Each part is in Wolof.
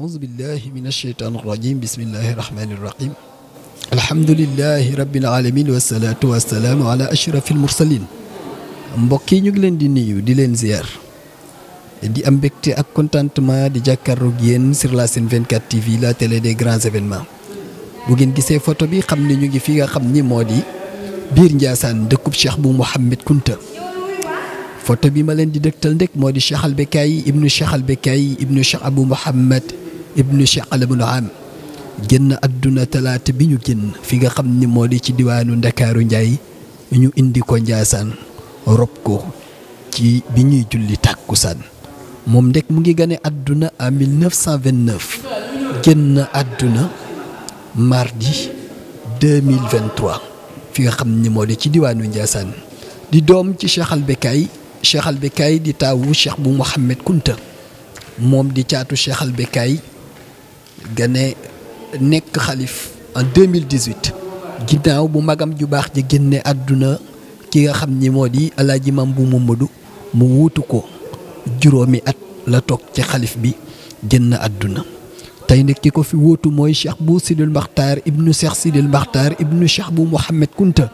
أعوذ بالله من الشيطان الرجيم بسم الله الرحمن الرحيم الحمد لله رب العالمين والصلاة والسلام على أشرف المرسلين mbokk yi ñu ngi leen di nuyu di leen ziar di am mbégte ak contentement di jàkkaarloog yéen sur la chaîne 24 TV la télé des grands événements bu ngeen gisee photo bi xam ne ñu ngi fi nga xam ni moo di biir Ndiassane dëkkub Cheikh bu Mouhamed Kunta photo bi ma leen di dëgtal ndek moo di Cheikh Albekaay ibnu Cheikh Albekaay ibnu Cheikh Abou Mouhamed ibnu Chaqalabul Am génn àdduna talaate bi ñu génn fi nga xam ni moo di ci diwaanu Ndakaaru Njaay ñu indi ko Njaasaan rob ko ci bi ñuy julli tàkkusaan moom ndek mu ngi gane àdduna en 1929 génn àdduna mardi 2023 fi nga xam ni moo di ci diwaanu Njaasaan di doom ci Cheikh Albekaay Cheikh Albekaay di taawu Cheikh bu Mouhamed Kunta moom di caatu Cheikh Albekaay nga ne nekk xalif en 2018 ginnaaw bu magam ju baax ji génne àdduna ki nga xam ni moo di alaaji mam bu Mamadou mu wuutu ko juróomi at la toog ci xalif bi génn àdduna tey nag ki ko fi wuutu mooy cheikh bu sidil maxtaar ibnu cheikh sidil maxtaar ibnu cheikh bu Mouhamed Kunta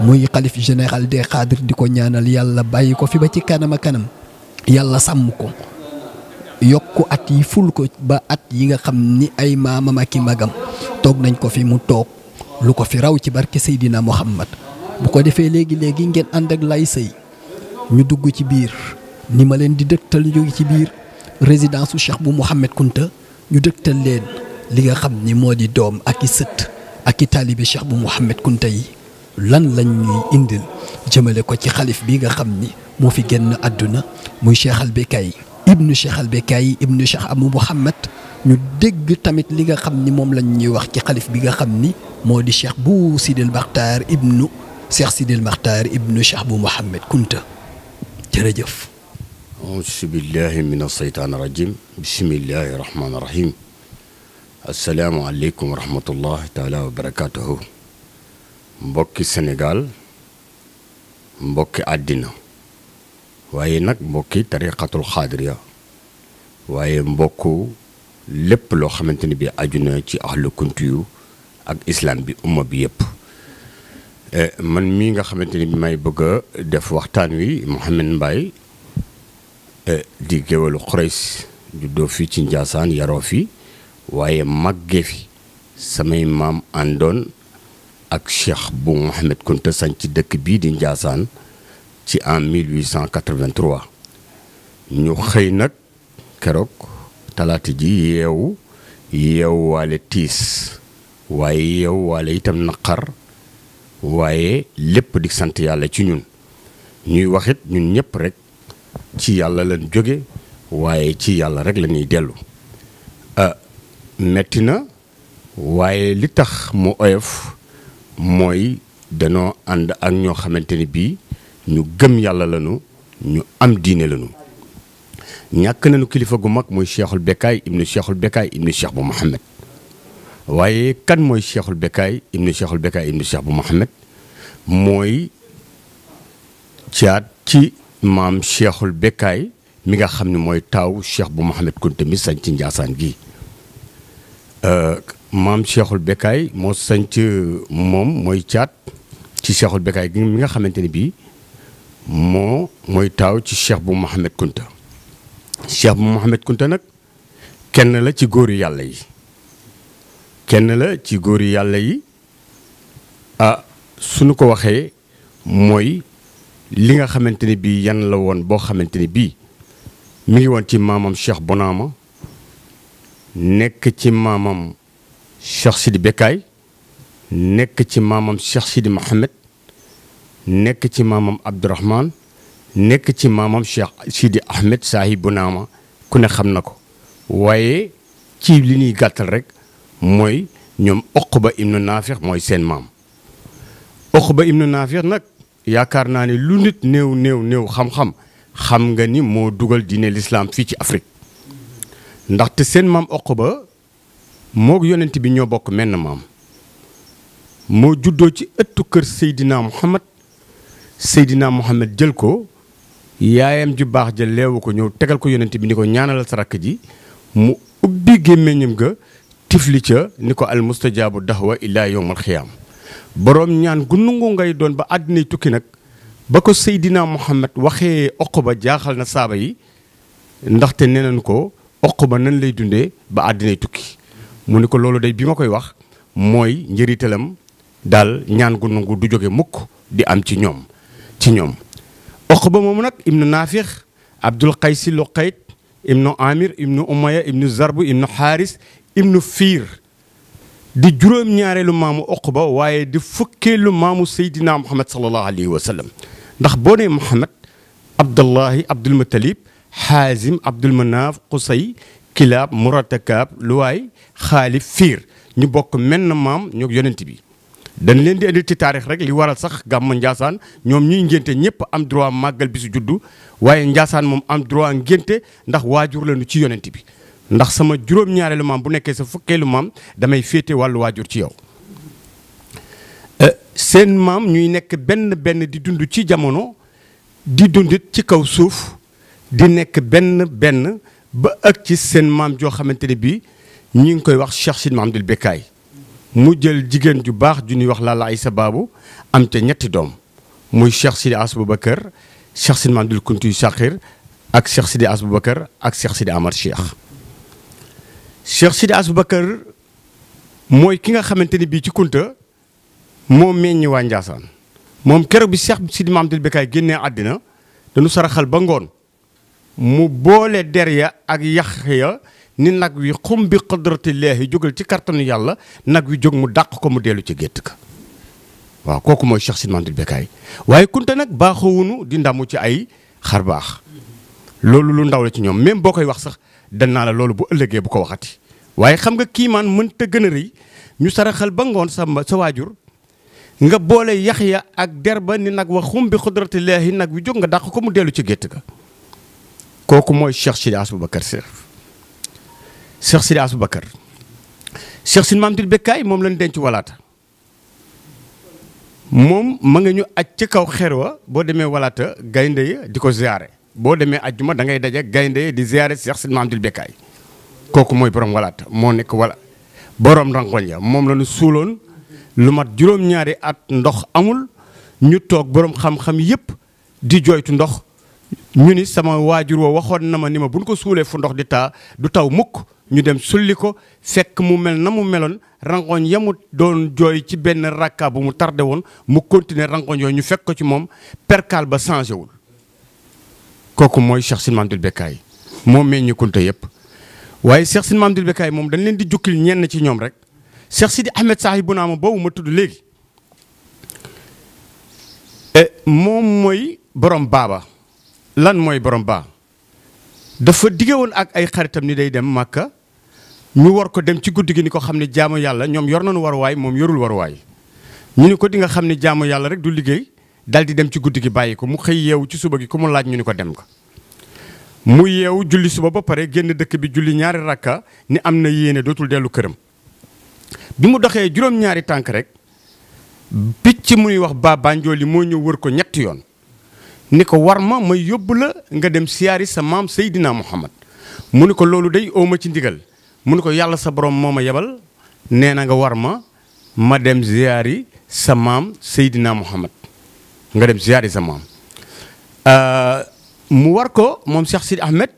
muy xalif général des xaadir di ko ñaanal yàlla bàyyi ko fi ba ci kanam a kanam yàlla sàmm ko yokk at yi ful ko ba at yi nga xam ni ay maamam ak i magam toog nañ ko fi mu toog lu ko fi raw ci barke Seydina Muhammad bu ko defee léegi léegi ngeen ànd ak lay sëy ñu dugg ci biir ni ma leen di dëgtal ñu ci biir résidence su Cheikh bu Mouhamed Kunta ñu dëgtal leen li nga xam ni moo di doom ak i sët ak i taalibe Cheikh bu Mouhamed Kunta yi lan lañ ñuy indil jëmale ko ci xalif bi nga xam ni moo fi génn àdduna muy Cheikh Albekaay ibnu cheikh albekaay ibnu cheikh abou mouhamad ñu dégg tamit li nga xam ni moom lañ ñuy wax ci xalif bi nga xam ni moo di cheikh bu sidil maxtaar ibnu cheikh sidil maxtaar ibnu cheikh bu mohammed kunta jërëjëf auzu billahi min alseytaan rajim bismillahi rahmaan rahim assalaamu aleykum warahmatullahi taala wa barakatuhu mbokki sénégal mbokki àddina waaye nag mbokki tariqatul xaadiriya waaye mbokk lépp loo xamante ni bi aju na ci ahlu kunti yu ak islam bi umma bi yëpp man mii nga xamante ni bi may bëgg a def waxtaan wi Mouhamed Mbaye di géwalu Xurays juddoo fii ci Njaasaan yaroo fi waaye màggee fi samay maam àndoon ak cheikh bu Mouhamed Kunta sañ ci dëkk bii di Njaasaan ci en 1883 ñu xëy nag keroog talaata ji yeewu yeewu waale tiis waaye yeewu waale itam naqar waaye lépp di sant yàlla ci ñun ñuy waxit ñun ñëpp rekk ci yàlla lañ jóge waaye ci yàlla rek lañuy dellu euh, metti na waaye li tax mu oyof mooy danoo ànd ak ñoo xamante ni bii ñu gëm yàlla lañu ñu am diine lañu ñàkk nañu kilifa gu mag mooy cheikhul bekkaay ibnu cheikhul bekkaay ibnu cheikh bu Mohamed waaye kan mooy cheikhul bekkaay ibnu cheikhul bekkaay ibnu cheikh bu Mohamed mooy caat ci maam cheikhul bekkaay mi nga xam ne mooy taaw cheikh bu Mohamed Kunta mi sañ ci Njaasaan gi maam cheikhul bekkaay moo sañ moom mooy caat ci cheikhul bekkaay mi nga xamante ni bii. moo mooy taaw ci cheikh bu Mouhamed Kunta cheikh bu Mouhamed Kunta nag kenn la ci góori yàlla yi kenn la ci góori yàlla yi su nu ko waxee mooy li nga xamante ni bii yan la woon boo xamante ni bii mu ngi woon ci maamam cheikh Bonaama nekk ci maamam cheikh Sidi Bekkaay nekk ci maamam cheikh Sidi Mouhamed nekk ci maamam Abdourahman nekk ci maamam Cheikh Sidi Ahmed saahibu naama ku ne xam na ko waaye ci li ñuy gàttal rek mooy ñoom Uqba ibnu Naafix mooy seen maam Uqba ibnu Naafix nag yaakaar naa ne lu nit néew néew néew xam-xam xam nga ni moo dugal diine lislaam fii ci Afrique ndaxte seen maam ba moog yonent bi ñoo bokk menn maam moo juddoo ci ëttu kër Seydina Muhammad Seydina Mohamed jël ko yaayam ju baax jël leewu ko ñëw tegal ko yonent bi ni ko ñaanalal sa rakk ji mu ubbi gémmiñam ga tifli ca ni ko al mustajaabu dahwa illaa yowmal xiyaam boroom ñaan gu ngay doon ba àddina tukki nag ba ko Seydina Mohamed waxee ba jaaxal na saaba yi ndaxte nee nañ ko ba nan lay dundee ba àddina tukki mu ni ko loolu day bi ma koy wax mooy njëritalam daal ñaan gu nungu du jóge mukk di am ci ñoom ci ñom Uqba mom nak ibnu nafikh Abdul Qaysi Luqayt ibnu Amir ibnu umayya ibnu Zarb ibnu haris ibnu fir di juróom-ñaareelu mamu Uqba waye di fukkeelu mamu sayidina Muhammad sallallahu alayhi wa sallam ndax boo nee Muhammad abdullah Abdul Muttalib Xaazim Abdul Manaaf Qusay Kilaab Muratakaab Luwaay Xaalif Fiir ñu bokk menn maam ñoo yonent bi dañ leen di indil ci taarix rek li waral sax gàmmu Ndiassane ñoom ñuy ngénte ñëpp am droit màggal bisu juddu waaye Ndiassane moom am droit ngénte ndax waajur lañu ci yonent bi ndax sama juróom-ñaareelu maam bu nekkee sa fukkeelu maam damay féete wàllu waajur ci yow. Euh, seen maam ñuy nekk benn benn di dund ci jamono di dundit ci kaw suuf di nekk benn benn ba ak ci seen maam joo xamante ne bii ñu ngi koy wax Cheikh Sidi Mahamadul Bekkaay mu jël jigéen ju baax ju ñuy wax Lalla Aïssa Babou am ca ñetti doom muy Cheikh Sidi As Boubacar Cheikh Sidi Mandul ak Cheikh Sidi As Boubacar ak Cheikh Sidi Amar Cheikh. Cheikh Sidi As Boubacar mooy ki nga xamante ni bii ci Kunta moo meññi waa Njaasaan moom keroog bi Cheikh Sidi Mamadou Bekaay génnee àddina dañu saraxal ba ngoon mu boole der ya ak yax ya ni nak wi khum bi llahi jogal ci kartanu yalla nak wi jog mu dak ko mu delu ci gettu ka wa koku moy cheikh sidman dil bekay waye kunta nak baxawunu di ndamu ci ay xar baax lu ndaw la ci ñom même bokay wax sax dan na la lolou bu ëllëgee bu ko waxati waye xam nga man mën te gëna reuy ñu saraxal ba ngon sa sa wajur nga boole yahya ak derba ni wa khum bi llahi nak wi jog nga dak ko mu delu ci gettu ka koku moy cheikh Cheikh Sidi Aboubacar Cheikh Sidi Mamadou Bekkaay moom lañ denc walaata moom ma nga ñu aj ca kaw xer wa boo demee walaata gaynde ya di ko ziare boo demee ajjuma da ngay daje gaynde di ziare Cheikh Sidi Mamadou Bekkaay kooku mooy borom walaata moo nekk wala boroom rangoñ ya moom la ñu suuloon lu mat juróom-ñaari at ndox amul ñu toog boroom xam-xam yëpp di jooytu ndox ñu ni sama waajur wa waxoon na ma ni ma buñ ko suulee fu ndox di taa du taw mukk ñu dem sulli ko fekk mu mel na mu meloon rangoñ ya doon jooy ci benn rakka bu mu tardé woon mu continuer rangoñ yooyu ñu fekk ko ci moom perkaal ba changé wul kooku mooy Cheikh Sine Mamadou Bekkaay moo meññi yëpp waaye Cheikh Sine Mamadou Bekkaay moom dañ leen di jukkil ñenn ci ñoom rek Cheikh Sidi Ahmed Sahi bu naama boobu ma tudd léegi eh, moom mooy borom baaba lan mooy borom baa dafa dige woon ak ay xaritam ni day dem Màkka ñu war ko dem ci guddi gi ni ko xam ne jaamu yàlla ñoom yor nañu waruwaay moom yorul waruwaay ñu ni ko di nga xam ne jaamu yàlla rek du liggéey dal di dem ci guddi gi bàyyi ko mu xëy yeewu ci suba gi ku mu laaj ñu ni ko dem ko mu yeewu julli suba ba pare génn dëkk bi julli ñaari rakka ni am na yéene dootul dellu këram bi mu doxee juróom-ñaari tànk rek picc muy wax baa banjool yi moo ñëw wër ko ñetti yoon ni ko war ma ma yóbbu la nga dem siyaari sa maam Seydina Muhammad mu ni ko loolu day ooma ci ndigal mu ne ko yàlla sa borom moo ma yebal nee na nga war ma ma dem ziyaari sa maam Seydina Muhammad nga dem ziyaari sa maam euh, mu war ko moom Cheikh Sidi Ahmed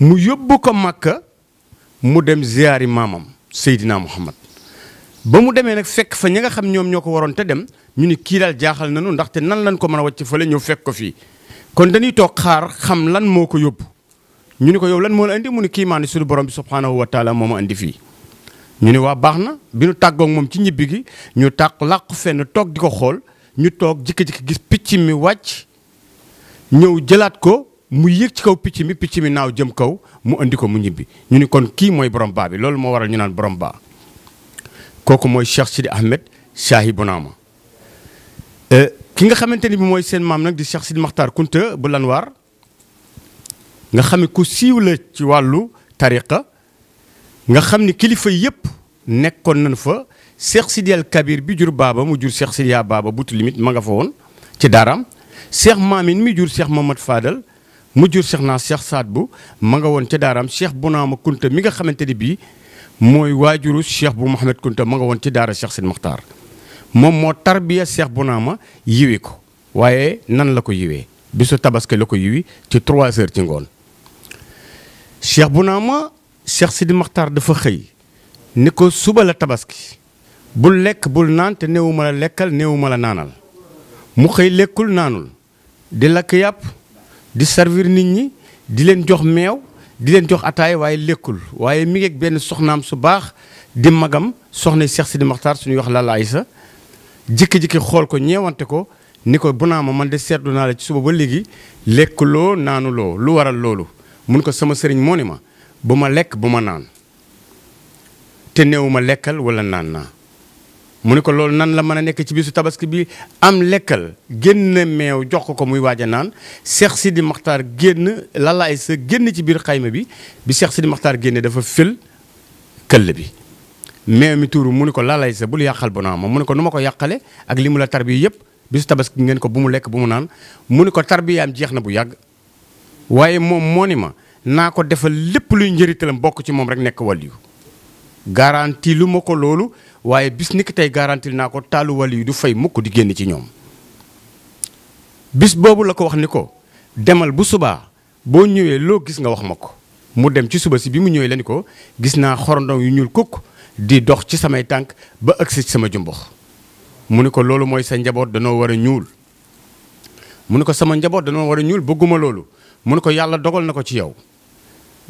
mu yóbbu ko Makka mu dem ziyaari maamam Seydina Muhammad ba mu demee nag fekk fa ñi nga xam ñoom ñoo ko waroon te dem ñu ni kii daal jaaxal nañu ndaxte nan lañ ko mën a wàcc fële ñëw fekk ko fii kon dañuy toog xaar xam lan moo ko yóbbu ñu ni ko yow lan moo la indi mu ni kii maa ni suñu borom bi subhaanahu wa taala moo ma indi fii ñu ni waa baax na bi ñu tàggoog moom ci ñibbi gi ñu tàq làqu fenn toog di ko xool ñu toog jikki-jikki gis picc mi wàcc ñëw jëlaat ko mu yéeg ci kaw picc mi picc mi naaw jëm kaw mu indi ko mu ñibbi ñu ni kon kii mooy borom baa bi loolu moo waral ñu naan borom baa kooku mooy Cheikh Sidi Ahmed Saahi Bonaama euh, ki nga xamante ni bi mooy seen maam nag di Cheikh Sidi Makhtar Kunta bu Lanwaar nga xamni ni ku siiw la ci walu tariqa nga xamni kilifa yep nekkon nañ fa Cheikh sidial Kabir bi jur baba mu jur Cheikh sidia baba bout limite ma nga fa won ci daram Cheikh Maamin mi jur Cheikh Mamad Fadal mu jur Cheikh na Cheikh Saad bu ma nga won ci daram Cheikh bunama Kunta mi nga xamanteni bi moy wajuru Cheikh bu mohammed Kunta ma nga won ci dara Cheikh sid Mokhtar mom mo tarbiya Cheikh bunama yiwiko waye nan la ko yiwe bisu tabaski la ko yiwi ci 3 heures ci ngone cheikh bu naa ma cheikh Sidi Maxtaar dafa xëy ni ko suba la tabaski bul lekk bul naan te néewuma la lekkal néewuma la naanal mu xëy lekkul naanul di lakk yàpp di servir nit ñi di leen jox meew di leen jox ataay waaye lekkul waaye mi ngi benn soxnaam su baax di magam soxna Cheikh Sidi Maxtaar suñuy wax Lalla Aysa jikki-jikki xool ko ñeewante ko ni ko bu naa ma man de seetlu naa la ci suba ba léegi lekkuloo naanuloo lu waral loolu mun ko sama sëriñ moo ne ma bu ma lekk bu ma naan te néew lekkal wala naan naa mu ne ko loolu nan la mën a nekk ci bisu tabaski bi am lekkal génn meew jox ko ko muy waaj a naan Cheikh di Maxtaar génn lalaay sa génn ci biir xayma bi bi Cheikh di Maxtaar génne dafa fël këll bi meew mi tuuru mu ne ko lalaay sa bul yàqal naa ma mu ne ko nu ma ko yàqale ak li mu la tarbi yëpp bisu tabaski ngeen ko bu mu lekk bu mu naan mu ne ko tarbiyaam jeex na bu yàgg waaye moom moo ni ma naa ko defal lépp luy njëritalam bokk ci moom rek nekk waliyu garanti lu ma ko loolu waaye bis ni ki tey garanti naa ko taalu waliyu du fay mukk di génn ci ñoom bis boobu la ko wax ni ko demal bu subaa boo ñëwee loo gis nga wax ma ko mu dem ci suba si bi mu ñëwee la ko gis naa xorondom yu ñuul kukk di dox ci samay tànk ba agsi ci sama jumbox mu ni ko loolu mooy sa njaboot danoo war a ñuul mu ni ko sama njaboot danoo war a ñuul bëgguma loolu mu ne ko yàlla dogal na ko ci yow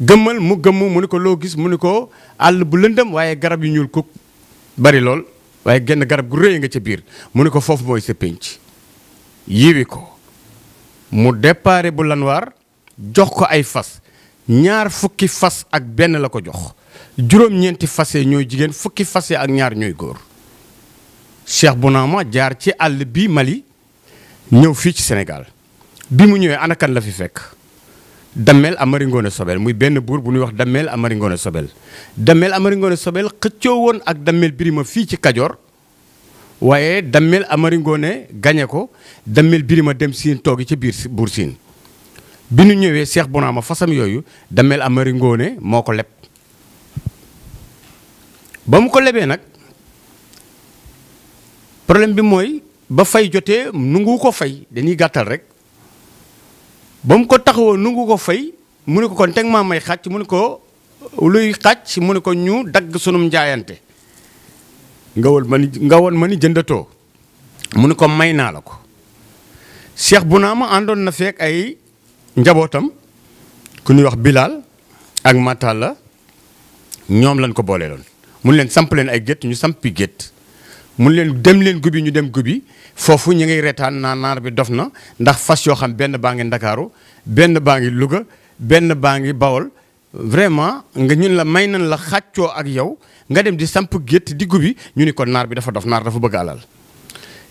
gëmmal mu gëmm mu ni ko loo gis mu ne ko àll bu lëndëm waaye garab yu ñuul kuk bari lool waaye genn garab gu rëy nga ca biir mu ne ko foofu mooy sa pénc yiwi ko mu déparé bu lanwaar jox ko ay fas ñaar fukki fas ak benn la ko jox juróom-ñeenti fase ñooy jigéen fukki fase ak ñaar ñooy góor Cheikh Bounama jaar ci àll bi Mali ñëw fii ci Sénégal bi mu ñëwee anakan la fi fekk Damel Amary Ngoone Sobel muy benn buur bu ñuy wax Damel Amary Ngoone Sobel Damel Amary Ngoone Sobel xëccoo woon ak Damel Birima fii ci Kajoor waaye Damel Amary Ngoone gañe ko Damel Birima dem siin toogi ci biir buur siin bi nu ñëwee Cheikh Bonaama fasam yooyu Damel amari Ngoone moo ko leb ba mu ko lebee nag problème bi mooy ba fay jotee nu ko fay dañuy gàttal rek ba mu ko taxawoo nungu ko fay mu ne ko ko teg maa may xàcc mu ne ko luy xàcc mu ne ko ñu dagg sunum njaayante nga woon ma ni nga woon ma ni jëndatoo mu ne ko may naa la ko bu naa ma àndoon na feek ay njabootam ku ñuy wax bilaal ak Matalla ñoom lañ ko booleeloon mu ne leen samp leen ay gétt ñu sampi gétt mu leen dem leen gubi ñu dem gubi foofu ñu ngi reetaan naa naar bi dof na ndax fas yoo xam benn baa ngi ndakaaru benn baa ngi luga benn baa ngi Bawol vraiment nga ñun la may nañ la xàccoo ak yow nga dem di samp gétt di gubi ñu ni ko naar bi dafa dof naar dafa bëgg alal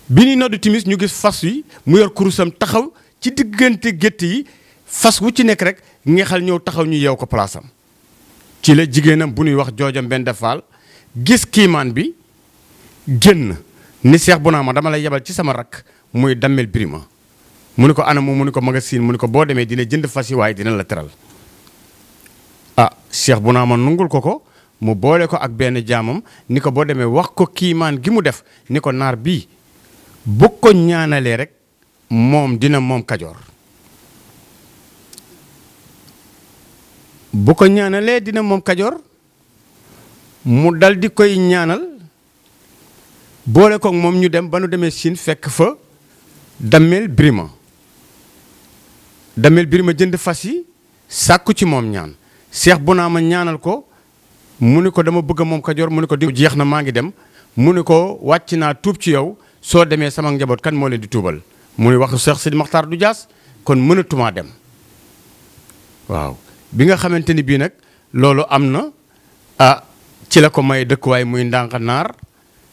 bi ni noddu timis ñu gis fas yi mu yor kurusam taxaw ci diggante gétt yi fas wu ci nekk rek ngeexal ñëw taxaw ñu yeew ko palaasam ci la jigéenam bu ñuy wax joojam benn defaal gis kiimaan bi jën génn ni Cheikh ma dama la yebal ci sama rakk muy dammel Birima mu ni ko anamu mu ni ko magasin mu ni ko boo demee dina jënd fas yi waaye dina la teral ah Cheikh Bounama nungul ko ko mu boole ko ak benn jaamam ni ko boo demee wax ko kiimaan gi mu def ni ko naar bii bu ko ñaanalee rek moom dina moom kajoor bu ko ñaanalee dina moom kajoor mu dal di koy ñaanal boole koog moom ñu dem ba nu demee Chine fekk fa dammel birima dammel birima jënd fas yi sàkku ci moom ñaan bu naa ma ñaanal ko mu ni ko dama bëgg moom Kajoor mu ni ko di jeex na maa ngi dem mu ni ko wàcc naa tuub ci yow soo demee sama njaboot kan moo leen di tuubal mu ni waxu Cheikh Sidi Maxtaar du jaas kon mënatumaa dem waaw bi nga xamante ni bii nag loolu am na a ah, ci la ko may dëkkuwaay muy ndànk naar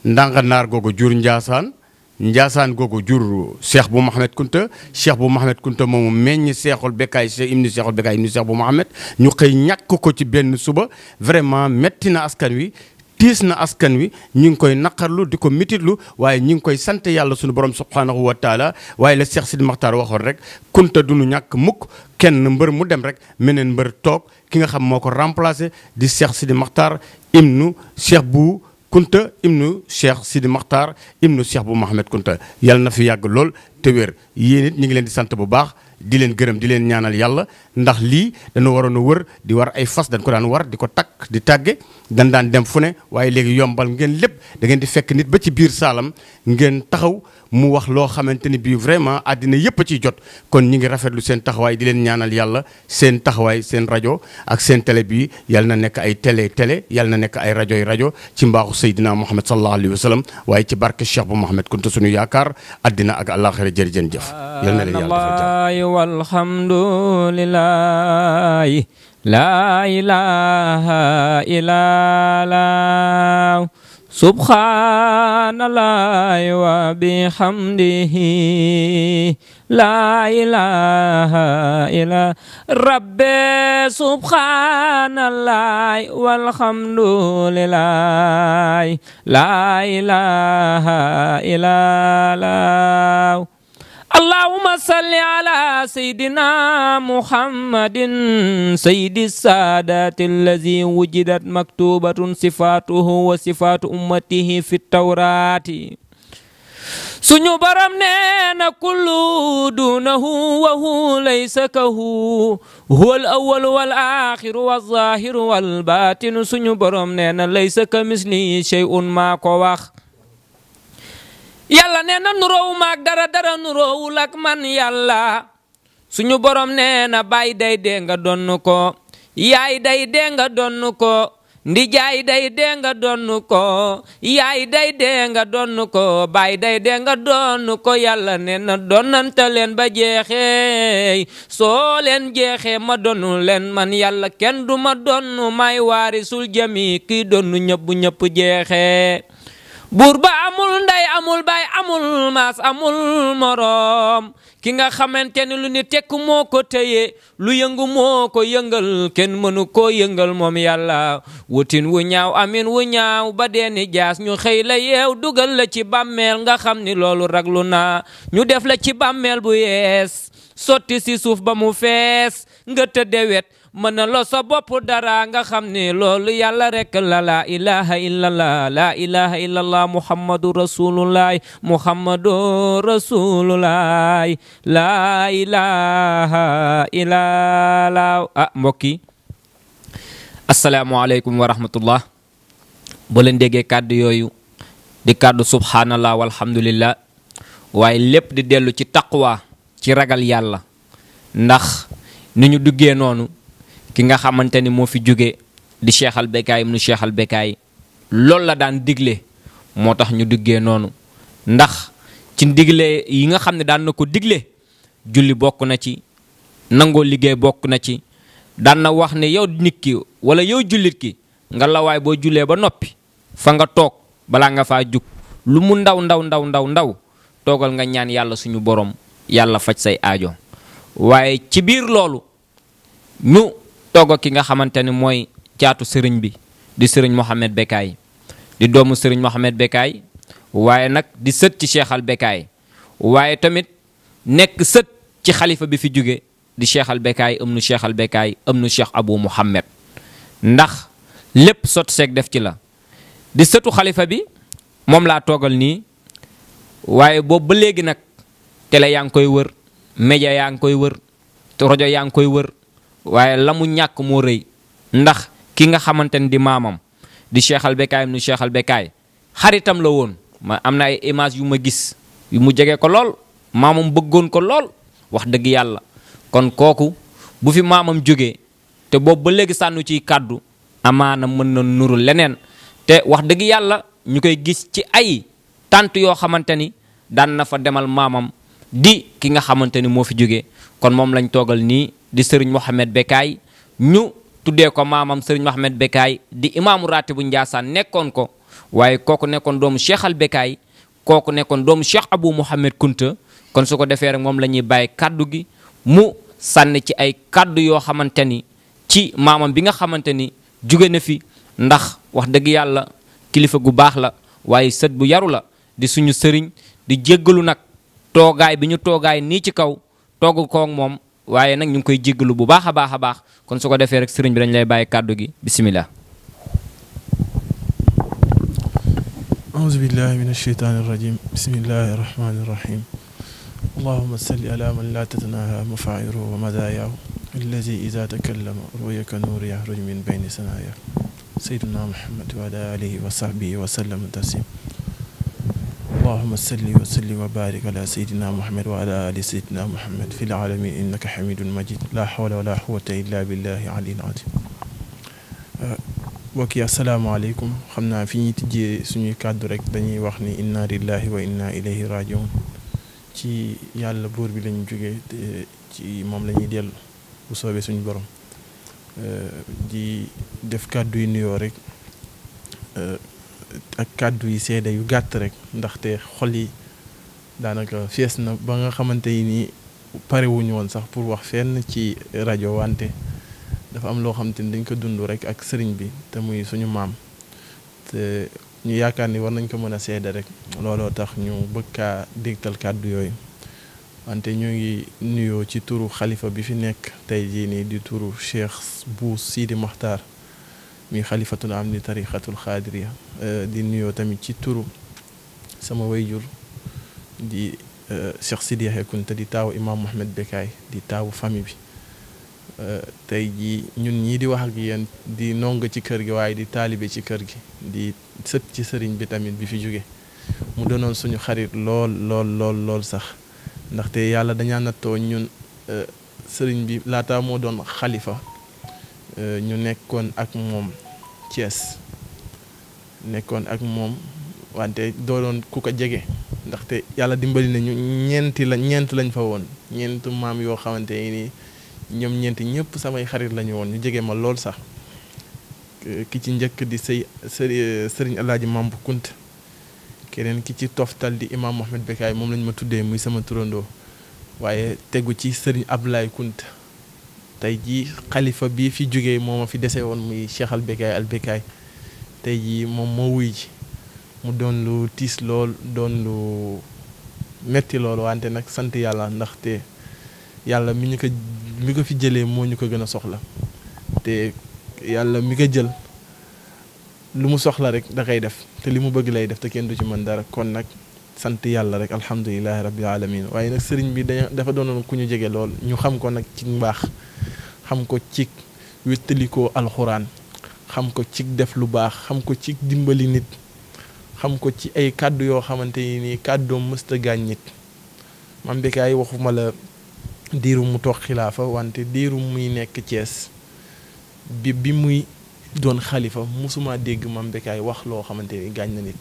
naar googu jur Njaasaan Njaasaan googu jur Cheikh bu Mouhamed Kunta Cheikh bu Mouhamed Kunta moomu meññ Cheikhul Bekkaay Cheikh ibnu Cheikhul Bekkaay ibnu Cheikh bu Mouhamed ñu xëy ñàkk ko ci benn suba vraiment metti na askan wi tiis na askan wi ñu ngi koy naqarlu di ko mititlu waaye ñu ngi koy sant yàlla suñu borom subhanahu wa taala waaye la si Sidi Maxtaar waxoon rek kunta du ñu ñàkk mukk kenn mbër mu dem rek meneen mbër toog ki nga xam moo ko remplacé di Cheikh Sidi Maxtaar Kunta ibnu Cheikh Sidi im ibnu Cheikh bu Mohamed Kunta yàlla na fi yàgg lool te wér yéen it ñu ngi leen di sant bu baax di leen gërëm di leen ñaanal yàlla ndax lii dañu waroon a wër di war ay fas dañ ko daan war di ko takk di tàgge dañ daan dem fu ne waaye léegi yombal ngeen lépp da ngeen di fekk nit ba ci biir saalam ngeen taxaw mu wax lo xamanteni bi vraiment adina yep ci jot kon ñi ngi rafetlu sen taxaway di len ñaanal yàlla sen taxaway sen radio ak sen télé bi yàlla na nek ay télé télé yàlla na nek ay radio ay radio ci mbaxu Seydina Mohamed sallallahu alayhi wasallam way ci barke Cheikh bu Mohamed kuntu sunu yaakaar adina ak àllaaxira jeen jëf yàlla na leen yàlla dafa jàpp walhamdulillahi la ilaha illallah subhanallah wa la ilaha illa rabbi subhanallah walhamdulillah la ilaha illa salli ala sayyidina muhammadin sayyidi saadaati allazi wujidat maktubatun sifaatuhu wa sifaatu ummatihi fi tawraati suñu baram nee na kullu duunahu wa hu laysa kahu huwa al awwalu wal aaxiru waz zaahiru wal baatinu suñu baram nee na laysa ka misli shay'un maa ko wax yàlla nee na nuroowuma ak dara dara nuroowul ak man yàlla suñu borom nee na baay day dee nga donn ko yaay day dee nga donn ko ndijaay day dee nga ko yaay day dee nga ko baay day dee nga donn ko yàlla nee na donnante leen ba jeexee soo leen jeexee ma donnu leen man yàlla kenn du ma donn may waarisul jami kii donnu ñëpp ñëpp jeexee buur ba amul ndey amul baay amul maas amul moroom ki nga xamante ne lu ni tekk moo ko téye lu yëngu moo ko yëngal kenn mënu koo yëngal moom yàlla wutin wu ñaaw amin wu ñaaw ba deeni jaas ñu xëy la yeew dugal la ci bàmmeel nga xam ni loolu raglu naa ñu def la ci bàmmeel bu yees sotti si suuf ba mu fees nga tëdde wet menelo sobo pudara nga xamni lolu yalla rek la la ilaha illallah la ilaha illallah muhammadur rasulullah muhammadur rasulullah la ilaha illallah ah mbokki assalamu alaykum wa rahmatullah bo len dege kaddu yoyu di kaddu subhanallah walhamdulillah waye lepp di delu ci taqwa ci ragal yalla ndax ni ñu duggee noonu ki nga xamanteni ni fi jóge di Cheikh al Becaye ibnu Cheikh al Becaye loolu la daan digle motax ñu duggé nonu ndax ci diglé yi nga xamné daan nako diglé digle julli bokku na ci nangoo liggé bokku na ci daan na wax né yow nit ki wala yow jullit ki nga way bo jullee ba nopi fa nga tok bala nga fa juk lu mu ndaw ndaw ndaw ndaw ndaw togal nga ñaan yalla suñu borom yalla fajj say aajo waye ci bir loolu ñu togg ki nga xamante ni mooy jaatu sëriñ bi di sëriñ Mohamed Bekkaay di doomu sëriñ Mohamed Bekkaay waaye nag di sët ci Cheikh Bekkaay waaye tamit nekk sët ci xalifa bi fi jóge di Cheikh Al Bekkaay am nu Cheikh Al Bekkaay am nu Cheikh Abu Mohamed ndax lépp sot seek def ci la di sëtu xalifa bi moom laa toogal nii waaye boobu ba léegi nag tele yaa ngi koy wër média yaa ngi koy wër rajo yaa ngi koy wër waye lamu ñak mo reuy ndax ki nga xamantene di mamam di cheikh al bekaay nu cheikh al bekaay xaritam la won ma am ay image yu ma gis yu mu jégué ko lol mamam bëggoon ko lol wax deug yalla kon koku bu fi mamam te boobu ba légui sanu ci kaddu amana mën na nuru lenen te wax deug yalla ñukay gis ci ay tante yo xamanteni dan na fa demal mamam di ki nga xamanteni mo fi jógee kon moom lañ toogal nii di sëriñ Mouhamed Bekkaay ñu tuddee ko maamam sëriñ Mouhamed Bekkaay di imaamu raatibu Njaasaan nekkoon ko waaye kooku nekkoon doomu Cheikh al Bekkaay kooku nekkoon doomu Cheikh Abou Mouhamed Kunta kon su ko defee rek moom la ñuy bàyyi kàddu gi mu sànni ci ay kàddu yoo xamante ni ci maamam bi nga xamante ni jóge na fi ndax wax dëgg yàlla kilifa gu baax la waaye sët bu yaru la di suñu sëriñ di jëggalu nag toogaay bi ñu toogaay nii ci kaw togg koog moom waaye nag ñu ngi koy jéggalu bu baax a baax a baax kon su ko defee rek sëriñ bi dañ lay bàyyi kàddu gi bisimilah. أعوذ بالله من الشيطان الرجيم بسم الله الرحمن الرحيم اللهم صل على من لا تتناهى مفاعله ومداياه الذي إذا تكلم رؤيك نور يخرج من بين سناياه سيدنا محمد وعلى آله وصحبه وسلم تسليما اللهم صل وسلم وبارك على سيدنا محمد وعلى ال سيدنا محمد في العالمين انك حميد مجيد لا حول ولا قوه الا بالله العلي العظيم آه، وكي السلام عليكم خمنا في ني تجي سوني كادو رك داني واخني انا لله وانا اليه راجعون تي يالا بور بي لا ني جوغي تي موم لا ني ديل بو سوبي سوني بروم آه، دي ديف كادو نيو رك آه، ak kàddu yi seede yu gàtt rek ndaxte xol yi daanaka fees na ba nga xamante yi nii parewuñu woon sax pour wax fenn ci rajo wante dafa am loo xamante ni dañ ko dund rek ak sëriñ bi te muy suñu maam te ñu yaakaar ni war nañ ko mën a seede rek looloo tax ñu bëgg kaa kàddu yooyu wante ñu ngi nuyoo ci turu xalifa bi fi nekk tey jii nii di turu Cheikh Bou Sidi maxtar mi xalifatul am di tarixatul xaadiriya euh, di nuyoo tamit ci turu sama wayjur di euh, Cheikh Sidi Yaxya Kunta di taawu imaam Mohamed Bekaay di taawu famille bi euh, tey jii ñun ñii di wax ak yéen di nongo ci kër gi waaye di taalibe ci kër gi di sët ci sëriñ bi tamit bi fi jóge mu doonoon suñu xarit lool lool lool lool sax ndaxte yàlla dañaa nattoo ñun sëriñ bi laataa moo doon xalifa Euh, ñu nekkoon ak moom cees nekkoon ak moom wante dooloon ku ko jege ndaxte yàlla dimbali ñu ñeenti la ñeent lañ fa woon ñeent maam yoo xamante ni ñoom ñeenti ñëpp samay xarit lañu woon ñu jege ma lool sax euh, ki ci njëkk di sëy sëriñ euh, Alaaji Maam bu Kunt keneen ki ci toftal di imaam Mohamed Bekaay moom lañ ma tuddee muy sama turandoo waaye tegu ci sëriñ Abdoulaye Kunt tey jii xalifa bii fi jógee moo ma fi dese woon muy Cheikh Albekaay Albekaay tey jii moom moo wuy ji mu doon lu tiis lool doon lu metti lool wante nag sant yàlla ndaxte yàlla mi ñu ko mi ko fi jëlee moo ñu ko gën a soxla te yàlla mi ko jël lu mu soxla rek da koy def te li mu bëgg lay def te kenn du ci mën dara kon nag sant yàlla rek alhamdulilahi rabbil alamin waaye nag sëriñ bi dañ dafa doonoon ku ñu jege lool ñu xam ko nag ci mbaax xam ko ci wéttalikoo alxuraan xam ko ci def lu baax xam ko ci dimbali nit xam ko ci ay kàddu yoo xamante ni nii kàddoom mësta gaañ nit mam bikaay waxuma la diiru mu toog xilaafa wante diiru muy nekk cees bi bi muy doon xalifa mosuma dégg mam bikaay wax loo xamante ni gaañ na nit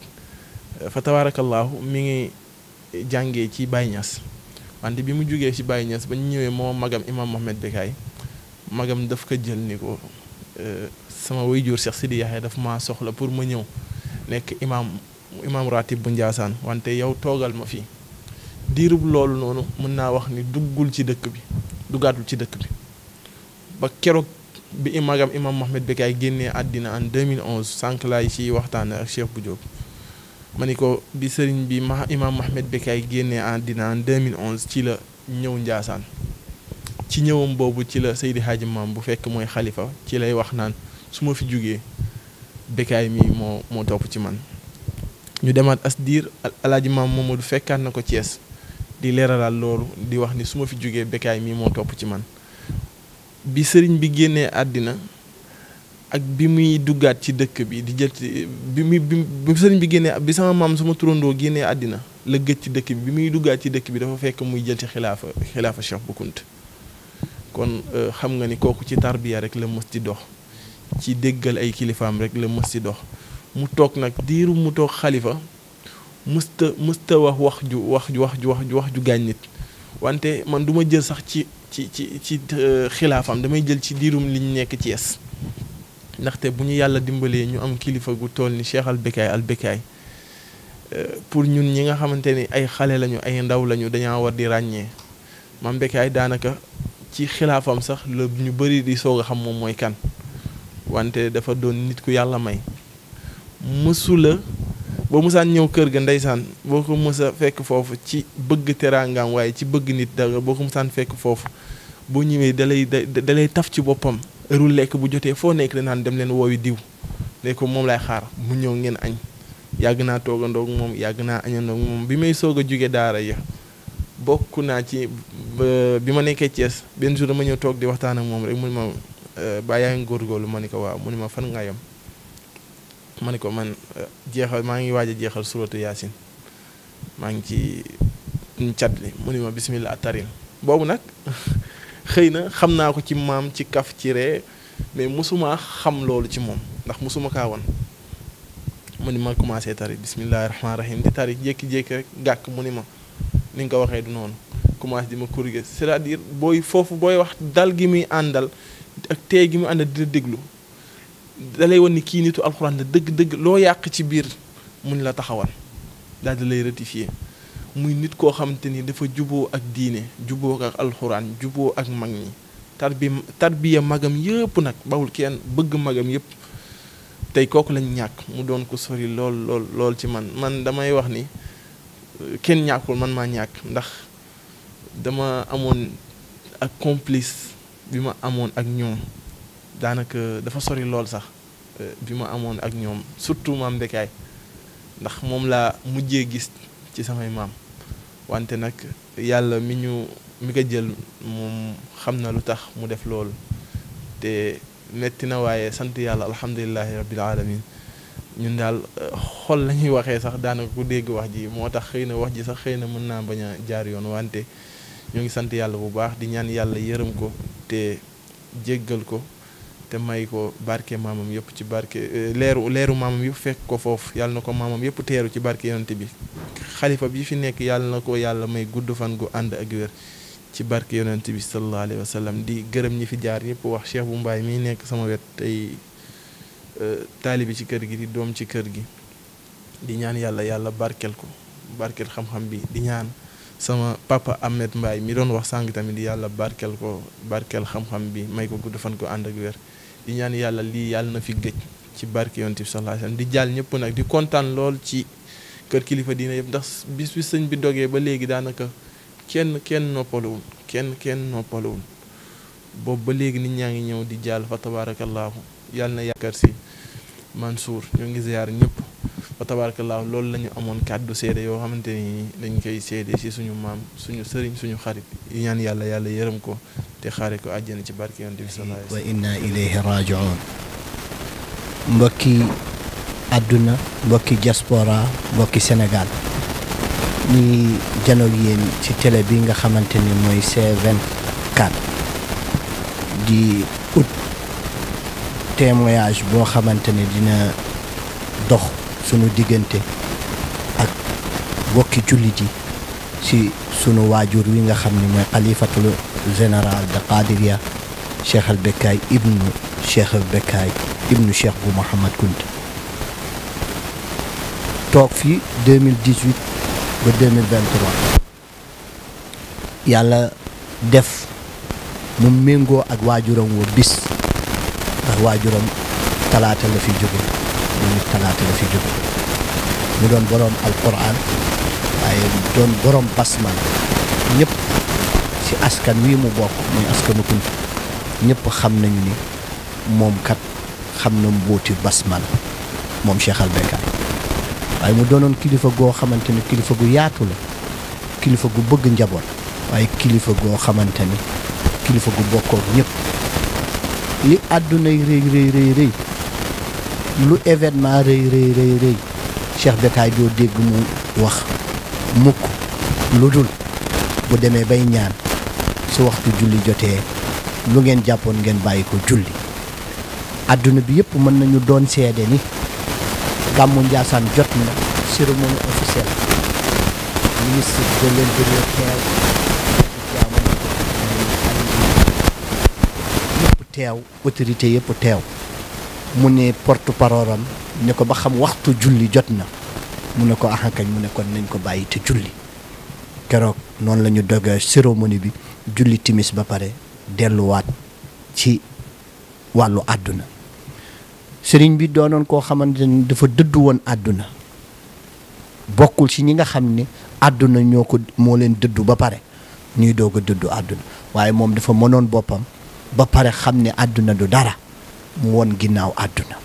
fa tabaarakallaahu mi ngi jàngee ci Baye wante bi mu jógee ci Baye Niass ba ñu ñëwee moo magam imam Mohamed Bekaay magam daf ko jël ni ko euh, sama waajur Cheikh Sidi Yaxya daf ma soxla pour ma ñëw nekk imam imam ratib bu Njaasaan wante yow toogal ma fii diirub loolu noonu mën naa wax ni duggul ci dëkk bi duggaatul ci dëkk bi ba keroog bi magam imam Mohamed Bekaay génnee àddina en 2011 sànq laay ci waxtaan ak Cheikh bu Diop ma ni ko bi sëriñ bi ma imaam Mahmed Bekay génnee en dina en 2011 ci la ñëw Njaasaan ci ñëwam boobu ci la Seydi Hadji Maam bu fekk mooy xalifa ci lay wax naan su ma fi jógee Bekay mi moo moo topp ci man ñu demaat as diir alaaji Maam du fekkaat na ko Thiès di leeralaal loolu di wax ni su ma fi jógee Bekay mii moo topp ci man bi sëriñ bi génnee àddina ak bi muy duggaat ci dëkk bi di jël ci bi muy bi sëriñ bi génnee bi sama maam sama turandoo génnee àddina la gëj ci dëkk bi bi muy duggaat ci dëkk bi dafa fekk muy jël ci xilaafa xilaafa bu Bou Kounta kon euh, xam nga ni kooku ci tarbiya rek la mës di dox ci déggal ay kilifaam rek la mës di dox mu toog nag diiru mu toog xalifa mësta mësta wax wax ju wax ju wax ju wax ju wax ju gaañ nit wante man duma jël sax ci ci ci ci euh, xilaafam damay jël ci diirum liñ nekk ci es ndaxte bu ñu yàlla dimbalee ñu am kilifa gu tool ni Cheikh Albekaay Albekaay euh, pour ñun ñi nga xamante ni ay xale lañu ay ndaw lañu dañaa war di ràññee Mame Bécaye daanaka ci xilaafam sax la ñu bari di soog a xam moom mooy kan wante dafa doon nit ku yàlla may mësula ba mësaan ñëw kër ga ndeysaan boo ko mës a fekk foofu ci bëgg teraangaam waaye ci bëgg nit da boo ko mësaan fekk foofu boo ñëwee dalay dalay taf ci boppam heure lekk bu jotee foo nekk danaan dem leen woowi diw ne moom laay xaar mu ñëw ngeen añ yàgg naa toogandoog moom yàgg naa añandoog moom bi may soog a jóge daara yi bokk naa ci bi ma nekkee Thiès benn jour dama toog di waxtaan ak moom rek mu ne ma euh, baa ngi góorgóorlu ma ne ko waaw mu ma fan nga yem ma ne ko man euh, jeexal maa ngi waaj a jeexal suratu yaasin maa ngi ci cat li mu ne ma bisimilah tarin boobu nag xeyna xamna ko ci mam ci kaf ci re mais musuma xam lolou ci mom ndax musuma ka won mu ma commencé tari bismillahir rahmanir rahim di tari jékki-jékki rek gak mu ma ni nga waxe du non commencé di ma corriger c'est-à-dire boy fofu boy wax dal gi mi àndal ak tey gi mi àndal di déglu dalay wan ni kii nitu alcorane deug deug lo yak ci bir mun la taxawal dal dalay ratifier muy nit koo xamante ni dafa juboo ak diine juboo ak alxuraan juboo ak mag ñi tarbi tarbiya magam yëpp nag bawul kenn bëgg magam yëpp tey kooku lañ ñàkk mu doon ko sori lool lool ci man man damay wax ni kenn ñàkkul man maa ñàkk ndax dama amoon ak complice bi ma amoon ak ñoom daanaka dafa sori lool sax euh, bi ma amoon ak ñoom surtout maam Ndekaay ndax moom laa mujjee gis ci samay maam wante nag yàlla mi ñu mi ko jël moom xam na lu tax mu def loolu te netti na waaye sant yàlla alhamdulilahi rabbil alamin ñun daal xool la ñuy waxee sax daanaka ku dégg wax ji moo tax xëy na wax ji sax xëy na mën naa bañ a jaar yoon wante ñoo ngi sant yàlla bu baax di ñaan yàlla yërëm ko te jéggal ko te may ko barke maamam yëpp ci barke euh, leeru leeru maamam yëpp fekk ko foofu yàlla na ko maamam yëpp teeru ci barke yonent bi xalifa bi fi nekk yàlla na ko yàlla may gudd fan gu ànd ak wér ci barke yonent bi sallallahu alayhi di gërëm ñi fi jaar yëpp wax Cheikh bu Mbaay mi nekk sama wet tey euh, taalibi ci kër gi di doom ci kër gi di ñaan yàlla yàlla barkel ko barkel xam bi di ñaan sama papa Ahmed Mbaye mi doon wax sànq tamit yàlla barkel ko barkel xam bi may ko gudd fan ko ànd ak wér di ñaan yàlla lii yàlla na fi gëj ci barke yonent bi di jàll ñëpp nag di kontaan lool ci kër kilifa diina yëpp ndax bis bi sëñ bi dogee ba léegi daanaka kenn kenn noppalawul kenn kenn noppalawul boobu ba léegi nit ñaa ngi ñëw di jàll fa tabaarakallaahu yàlla na yaakaar si Mansour ñoo ngi ziar ñëpp ba tabaarkalla loolu la ñu amoon kàddu seede yoo xamante ni lañ koy seede ci suñu maam suñu sëriñ suñu xarit yi ñaan yàlla yàlla yërëm ko te xaare ko àjjana ci barke yonent bi sallallahu alayhi wa sallam inna ilayhi raji'un mbokki àdduna mbokki diaspora mbokki Sénégal ñuy janoog yéen ci télé bi nga xamante ni mooy C24 di août témoignage bo xamante dina dox sunu digënté ak bokki jullit yi ci sunu wajur wi nga xamni moy khalifatul général de Qadiria Cheikh al bekay ibn Cheikh al bekay ibn Cheikh bu mohammed kunt tok fi 2018 ba 2023 yàlla def mu mengo ak wajuram wo bis واجرم تلاتة في جبل من تلاتة في جبل مدون برم القرآن أي مدون برم بسمان يب سي أسكن وي مبوك من أسكن مكن يب خمنا يني موم كات خمنا بوتي بسمان موم شيخ البيكا أي مدونون كيلفة غو خمانتني كيلفة غو ياتولا كيلفة غو بغن جابور أي كيلفة غو خمانتني كيلفة غو بوكور يب li aduna reuy reuy reuy reuy lu événement reuy reuy reuy reuy cheikh bekay do deg mu wax mukk ludul bu demé bay ñaan su waxtu julli joté lu ngeen jappon ngeen bayiko julli aduna bi yep mën nañu doon sédé ni gamu ndiassane jotna na officiel ministre de l'intérieur teew autorité yëpp teew mu ne porte parole ne ko ba xam waxtu julli jot na mu ne ko axankañ mu ne kon nañ ko bàyyi te julli keroog noonu lañu ñu doge cérémonie bi julli timis ba pare delluwaat ci wàllu àdduna sëriñ bi doonoon koo xamante ne dafa dëdd woon àdduna bokkul ci ñi nga xam ni àdduna ñoo ko moo leen dëddu ba pare ñuy doog a dëddu àdduna waaye moom dafa mënoon boppam ba pare xam ne àdduna du dara mu won ginnaaw àdduna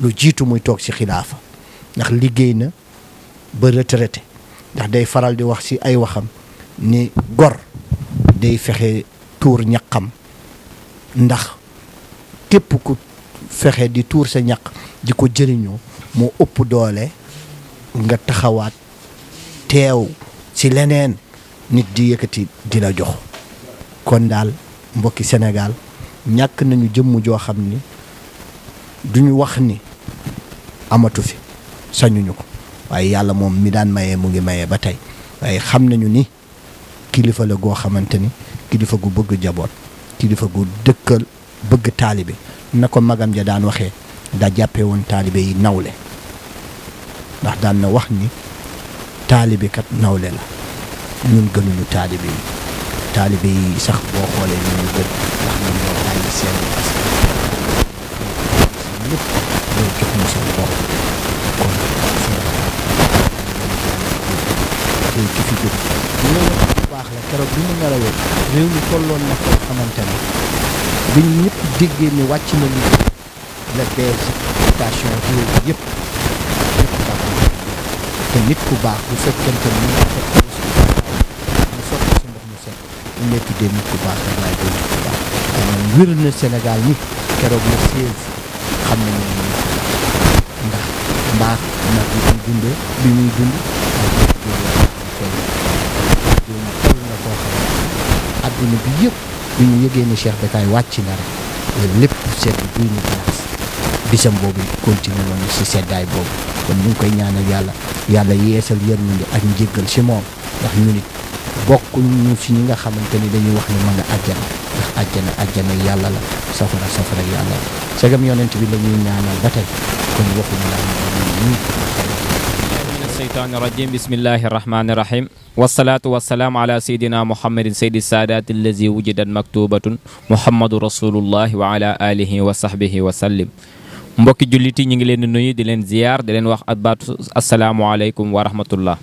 lu jiitu muy toog ci xilaafa ndax liggéey na ba retraité ndax day faral di wax ci ay waxam ni gor day fexe tuur ñaqam ndax képp ku fexe di tuur sa ñaq di ko jëriñoo moo ëpp doole nga taxawaat teew ci leneen nit di yëkkati di la jox kon daal mbokki senegal ñàkk nañu jëmm joo xam ni duñu wax ni amatu fi sañuñu ko waaye yàlla moom mi daan maye mu ngi maye ba tey waaye xam nañu ni kilifa la goo xamante ni kilifa gu bëgg jaboot kilifa gu dëkkal bëgg taalibe na ko magam ja daan waxe da jàppe woon taalibe yi nawle ndax daan na wax ni taalibe kat nawle la ñun gënuñu taalibe yi taalibe yi sax boo xoolee ñu ngi gën ndax ñoom ñoo bàyyi seen askan lépp ñoo jox ñu seen bopp kon tey ki fi jóg loolu bu baax la keroog bi mu nelawee réew mi tolloon na koo xamante ne bi ñëpp déggee ni wàcc na li la désertification réew yëpp ñëpp te nit ku baax bu fekkente ni nekk de nit ku baax Ablaye de ku baax wér na Sénégal ni keroog na seize xam nañ ne ndax mbaar nag bi muy dundee bi muy dund adduna bi yëpp bi ñu yëgee ni Cheikh Bécaye wàcc na rek lépp sedd buy ñu galaas bisam boobu continué woon si seddaay boobu kon ñu koy ñaanal yàlla yàlla yeesal yërmande ak njéggal si moom ndax ñu nit bokk ñu ci ñi nga xamante ni dañuy wax ne ma nga àjjana ndax àjjana àjjana yàlla la safara safara yàlla la segam yonent bi la ñuy ñaanal ba tey kon waxuñu laa min alsheytaani rajim bismillahi arrahmani irrahim wasalaatu wasalaamu ala seydina muhammadin seydi saadaati allazi wujidat maktubatun muhammadu rasulullahi wa ala alihi wa sahbihi wa sallim mbokki jullit yi ñu ngi leen di nuyu di leen ziyaar di leen wax at baatu asalaamualeykum wa rahmatullah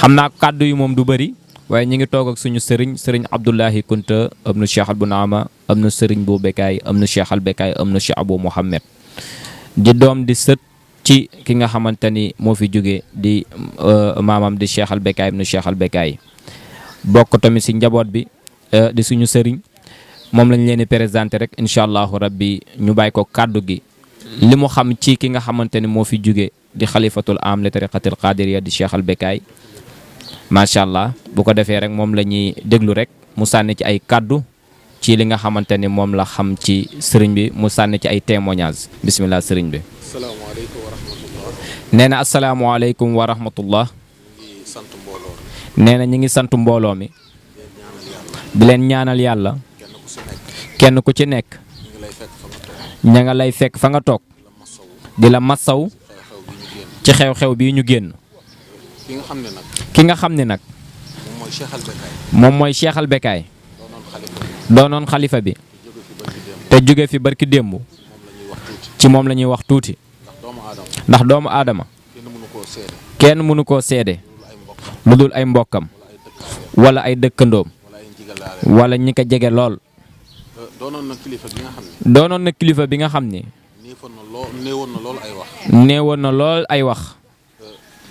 xam naa kàddu yi moom du bëri waaye ñu ngi toog ak suñu sëriñ sëriñ Abdullahi Kunta am na Cheikh Albunaama am na sëriñ bu Bekaay am na Cheikh Albekaay am na Cheikh Abou Mouhamed di doom di sët ci ki nga xamante ni moo fi jóge di euh, maamam di Cheikh Albekaay am na Cheikh Albekaay bokk tamit si njaboot bi euh, di suñu sëriñ moom lañu leen di présenté rek incha allahu rabbi ñu bàyyi ko kàddu gi li mu xam ci ki nga xamante ni moo fi jóge di xalifatul am li tariqatil qadiriya di Cheikh Albekaay machallah allah bu ko defé rek mom lañuy déglu rek mu sànni ci ay cadeau ci li nga xamanteni mom la xam ci serigne bi mu ci ay témoignage bismillah serigne bi. alaykum wa rahmatullah. néna assalamu alaykum wa rahmatullah. nee na ñu ngi sant mbolo mi. di len ñaanal yalla kenn ku ci nek ña nga lay fekk fa nga tok di la ci xew-xew bi ñu genn ki nga xamne nak nag. ki nga xam ne nag. Cheikh Al bekay moom mooy Cheikh Al Bekkay. doonoon xalifa bi. bi. te joge fi barki dembu ci mom lañuy wax touti ndax doomu adama kenn munu ko sédé mudul ay mbokam wala ay dekkandom wala ñi ko jege lool. non na kilifa bi nga xam do non na kilifa bi nga xam neewon na lool ay wax. neewon na lool ay wax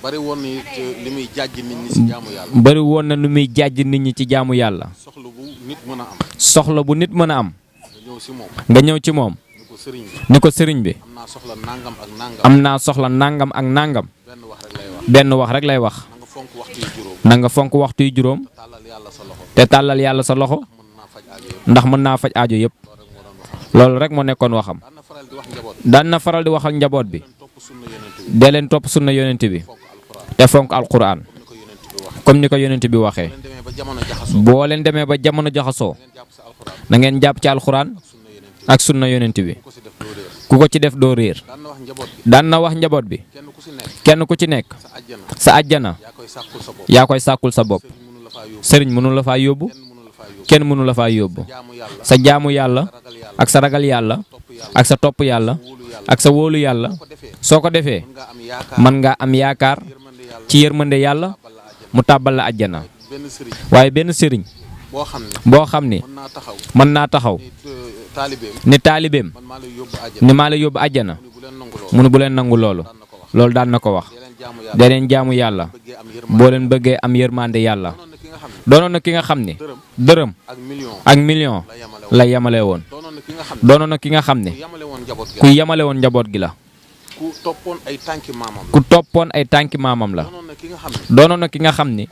bari won na li muy jàjj nit ñi ci jaamu yàlla. bari woon na lu muy jàjj nit ñi ci jaamu yàlla. soxla bu nit mën a am. soxla bu nit mën a am. nga ñëw ci moom. nga ñëw ci moom. ni ko sëriñ bi. ni ko sëriñ bi. am naa soxla nangam ak nangam. am soxla nangam ak nangam. benn wax rek lay wax. benn wax rek lay wax. nga fonk waxtu yu juróom. nga fonk waxtu yu juróom. te tàllal yàlla sa loxo. ndax mën faj aajo yëpp. loolu rek moo nekkoon waxam. daan na faral di wax ak bi. da leen topp sunna yonent bi defonk alquran comme niko yonent bi waxe bo len demee ba jamono jaxaso na ngeen japp ci alquran ak sunna yonent bi ku ko ci def do réer dan na wax njabot bi kenn ku ci nek sa aljana ya koy sakul sa bop serigne munu la fa yobbu kenn munu la fa yobbu sa jaamu Yalla. ak sa ragal yalla ak sa top yalla ak sa wolu yalla soko defé man nga am ci yërmande yàlla mu tàbbal la àjjana waaye benn sëriñ boo xam ni man naa taxaw euh, ni taalibeem ni maa la yóbbu àjjana mu bu leen nangu loolu loolu daan na ko wax da leen jaamu yàlla boo leen bëggee am yërmande yàlla doo na ki nga xam ne dërëm ak million la yemale woon doonoon na ki nga xam ne ku yemale woon njaboot gi la ku topon ay tanki mamam la donon na ki nga xamni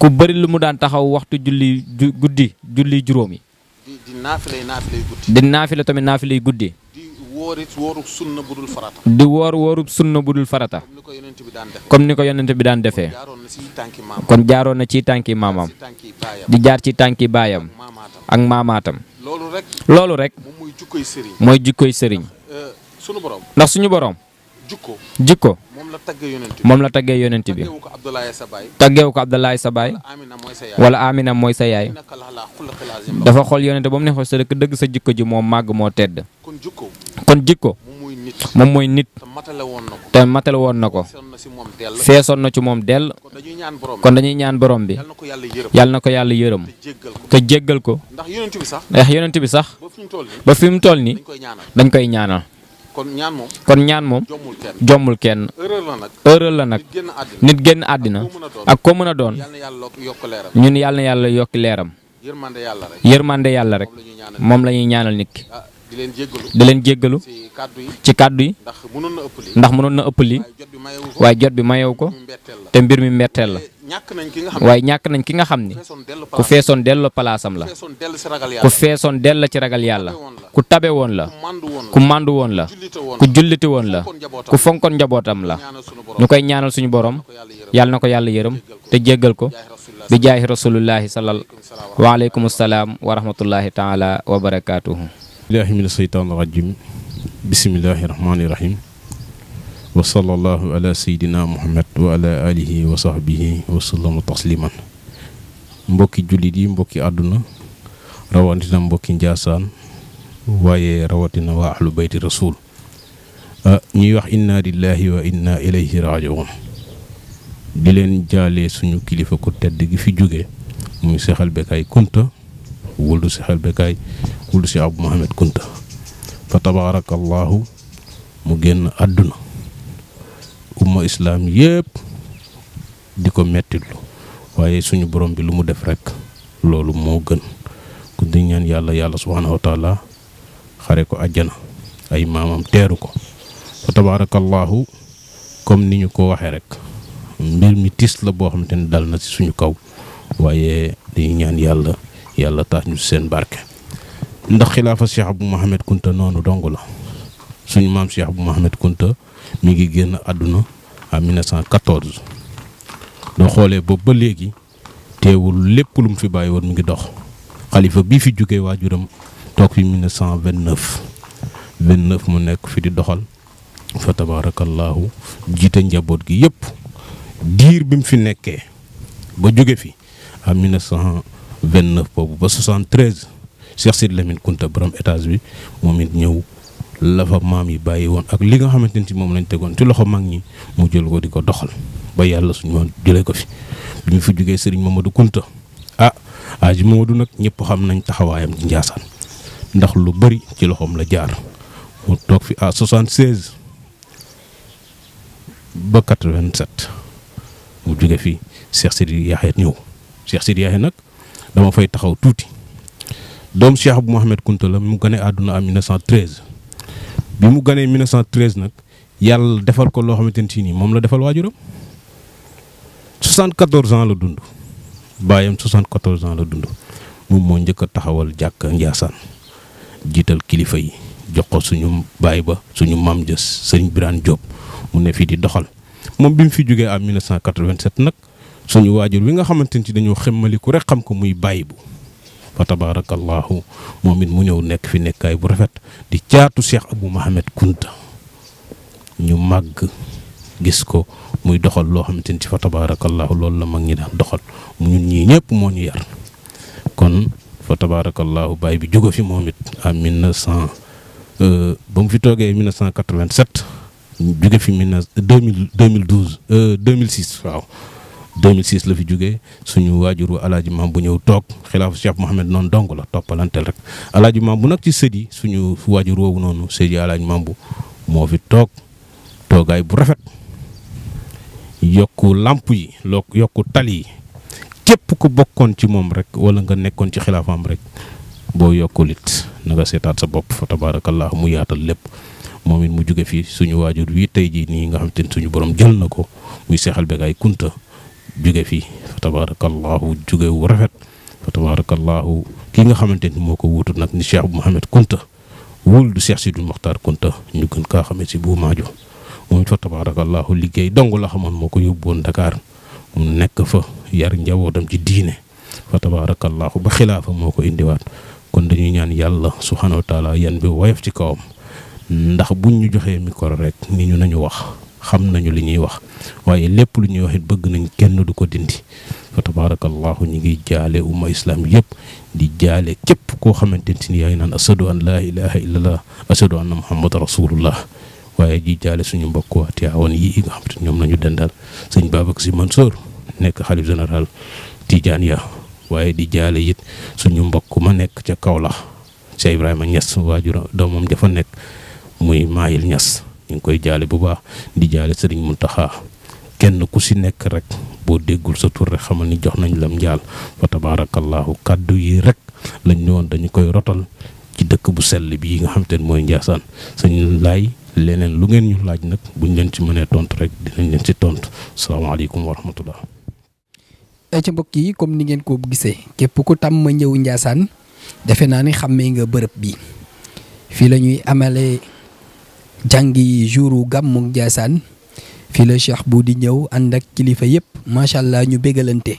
ku bari lu mu dan taxaw waxtu julli guddi julli juromi di nafile nafile guddi di nafile guddi di wor sunna budul farata comme niko yonent bi dan defé kon jaarona ci tanki mamam di jaar ci tanki bayam ak mamatam loolu rek. loolu rek. mooy jukkoy sëriñ. mooy jukkoy sëriñ. Euh, suñu borom. ndax suñu borom. jukko jukko. moom la taggee yonent bi moom la taggee yonent bi. taggeewu ko Abdoulaye Sabaay. taggeewu ko Abdoulaye Sabaay. wala Amina mooy sa yaay. dafa xool yonent ba mu ne xool sa dëgg sa jikko ji moo màgg moo tedd. kon jikko. moom mooy nit te matale woon na ko feesoon na ci moom dell kon dañuy ñaan borom bi yàlla na ko yàlla yërëm te jéggal ko ndax yonent bi sax ba fi mu toll ni dañ koy ñaanal kon ñaan moom jommul kenn erreur la nag nit génn àddina ak ko mën a doon ñun yàlla na yàlla yokk leeram yërmande yàlla rek moom la ñuy ñaanal nit di leen jéggalu ci kàddu yi ndax mënoon na ëpp lii waaye jot bi mayewu ko te mbir mi mbetteel la waaye ñàkk nañ ki nga xam ni ku feesoon dellu palaasam la ku feesoon dell ci ragal yàlla ku tabe woon la ku màndu woon la ku julliti woon la ku fonkoon njabootam la ñu koy ñaanal suñu borom yàlla na ko yàlla yërëm te jéggal ko bi jaahi rasulullahi salal waaleykum salaam wa rahmatullahi taala wa barakaatuhu الله من الشيطان الرجيم بسم الله الرحمن الرحيم وصلى الله على سيدنا محمد وعلى اله وصحبه وسلم تسليما مبوكي جوليدي مبوكي ادنا رواتنا مبوكي نجاسان واي رواتنا واهل بيت الرسول أه، ني واخ انا لله وانا اليه راجعون دي لين جالي سونو كليفه كو تيد في جوغي موي شيخ البكاي كنتو wuldu si xel bekaay si abu mohamed kunta fa tabaarakallaahu mu génn àdduna umma islaam yépp di ko mettitlu waaye suñu borom bi lu mu def rekk loolu moo gën ku ñaan yàlla yàlla subhaanahu wa taala xare ko àjjana ay maamam teeru ko fa tabaarakallaahu comme ni ñu ko waxee rek mbir mi tiis la boo xamante ne dal na ci suñu kaw waaye dañuy ñaan yàlla yàlla tax ñu seen barke ndax xilaafa Cheikh Abou Mohamed Kunta noonu dong la suñu maam Cheikh Abou Mohamed Kunta mi ngi génn àdduna en 1914 doo xoolee boobu ba léegi teewul lépp lu mu fi bàyyi woon mi ngi dox xalifa bii fi jógee waajuram toog fi 1929 29 mu nekk fi di doxal fa tabaarakallaahu jiite njaboot gi yëpp diir bi mu fi nekkee ba jóge fi en 19 29 boobu ba 73 Cheikh Sidi Lamine Kunta borom étage bi moom it ñëw la maam yi bàyyi woon ak li nga xamante ni moom lañ tegoon ci loxo mag ñi mu jël ko di ko doxal ba yàlla suñu woon jëlee ko fi bi ñu fi jógee Serigne Mamadou Kunta ah aji Mamadou nag ñëpp xam nañ taxawaayam ci Njaasaan ndax lu bëri ci loxoom la jaar mu toog fi à 76 ba 87 mu jóge fi Cheikh Sidi Yaxya ñëw Cheikh Sidi Yaxya nag. dama fay taxaw tuuti doom Cheikh Abou Mouhamed Kounta la mu gane àdduna am 1913 bi mu ganee 1913 nag yàlla defal ko loo xamante ne si nii moom la defal waajuram 74 ans la dund bàyyam 74 ans la dund moom moo njëkk a taxawal jàkka Ndiassane jiital kilifa yi jox ko suñu baay ba suñu maam jës sëriñ Birane Diop mu ne fii di doxal moom bi mu fi jógee am 1987 nag suñu wajur wi nga xamanteni ci dañu dañoo ku rek xam ko muy bàyyi bu fa tabarakallah momin mu ñëw nek fi nekkaay bu rafet di ciatu Cheikh Abou mohammed Kunta ñu mag gis ko muy doxal lo xamanteni ci fa tabarakallah loolu la mag ñi daan doxal ñun ñi ñëpp mo ñu yar kon fa tabarakallah baay bi jóge fi momit en 1900 ba mu fi toge 1987 jóge fi 2012 2006 waaw. 2006 la fi jugee suñu waajuru alaaji maam bu ñëw toog xilaafu Cheikh Mohamed noonu dong la toppalanteel rek alaaji maam bu nag ci sët suñu waajur woowu noonu sët yi alaaji maam bu moo fi toog toogaay bu rafet yokk làmp yi loo yokku tali yi képp ku bokkoon ci moom rek wala nga nekkoon ci xilaafaam rek boo yokkul it na nga seetaat sa bopp fa tabaarakallah mu yaatal lépp moom it mu jóge fii suñu waajur wi tey jii nii nga xam te ne suñu boroom jël na ko muy seexal beeg ay kunta jóge fii fa tabaarakallaahu jóge wu rafet fa tabaarakallaahu ki nga xamante ni moo ko wuutu nag ni Cheikh bu mu Mouhamed Kunta wul du si du Mokhtar Kunta ñu gën kaa xamee si bu maajo moom fa tabaarakallaahu liggéey dong la xamoon moo ko yóbbuwoon Dakar mu nekk fa yar njawoo njabootam ci diine fa tabaarakallaahu ba xilaafa moo ko indiwaat kon dañuy ñaan yàlla subhaanahu wa taala yan bi woyof ci kawam ndax buñ ñu joxee micro rek ni ñu nañu wax xam nañu li ñuy wax waaye lépp lu ñuy wax bëgg nañ kenn du ko dindi fa tabarakallahu ñi ngi jaale umma islam yëpp di jaale képp koo xamante ni yaa ngi naan ashadu an laa ilaha illallah ashadu anna muhammadan rasulullah waaye di jaale suñu mbokk waa Tiwaawan yi nga xam te ñoom la ñu dendal sëñ Babacar Sy Mansour nekk xalif général Tidiane ya waaye di jaale it suñu mbokk ma nekk ca Kaolack Cheikh Ibrahima Niass waajur doomam dafa nekk muy Maayil ñas ñu ngi koy jaale bu baax di jaale sa sëriñ Muntaxa kenn ku si nekk rek boo déggul sa tur rek xamal ni jox nañ lam njaal fa tabaarakallaahu kàddu yi rek lañ ne woon dañu koy rotal ci dëkk bu sell bi yi nga xam te ne mooy Njaasaan sëñ laay leneen lu ngeen ñu laaj nag buñ leen ci mënee tontu rek dinañ leen ci tontu salaamaaleykum wa rahmatullah. Eh, ci mbokk yi comme ni ngeen ko gisee képp ku tàmm ñëw Njaasaan defe naa ni xàmmee nga bërëb bi fii la jàngi jouru gàmmu Njaasaan fii la cheikh bu di ñëw ànd ak kilifa yëpp macha allah ñu bégalante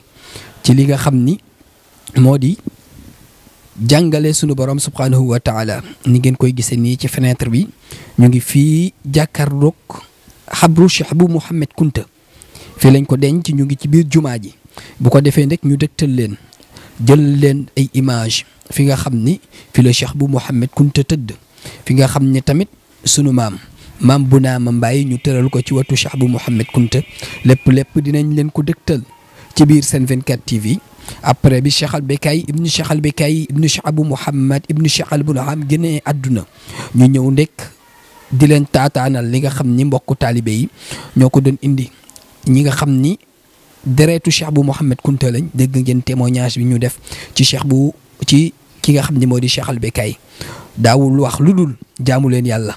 ci li nga xam ni moo di jàngale sunu borom subhanahu wa taala ni ngeen koy gisee nii ci fenêtre bi ñu ngi fii jàkkaarloog xabru cheikh bu Mouhamed Kunta fii lañ ko denc ñu ngi ci biir jumaa ji bu ko defee nag ñu dëgtal leen jël leen ay image fi nga xam ni fi la cheikh bu Mouhamed Kunta tëdd fi nga xam ni tamit. sunu maam maam bu naa ma mbaay ñu tëral ko ci watu Cheikh bu Mouhamed Kunta lépp lépp dinañ leen ko dëgtal ci biir seen 24 TV après bi Cheikh al Bekkaay ibnu Cheikh al Bekkaay ibnu Cheikh Abu Mouhamed ibnu Cheikh al Boulham génnee àdduna ñu ñëw ndekk di leen taataanal li nga xam ni mbokku taalibe yi ñoo ko doon indi ñi nga xam ni deretu Cheikh bu Mouhamed Kunta lañ dégg ngeen témoignage bi ñu def ci Cheikh bu ci ki nga xam ni moo di Cheikh al Bekkaay daawul wax lu dul jaamu leen yàlla.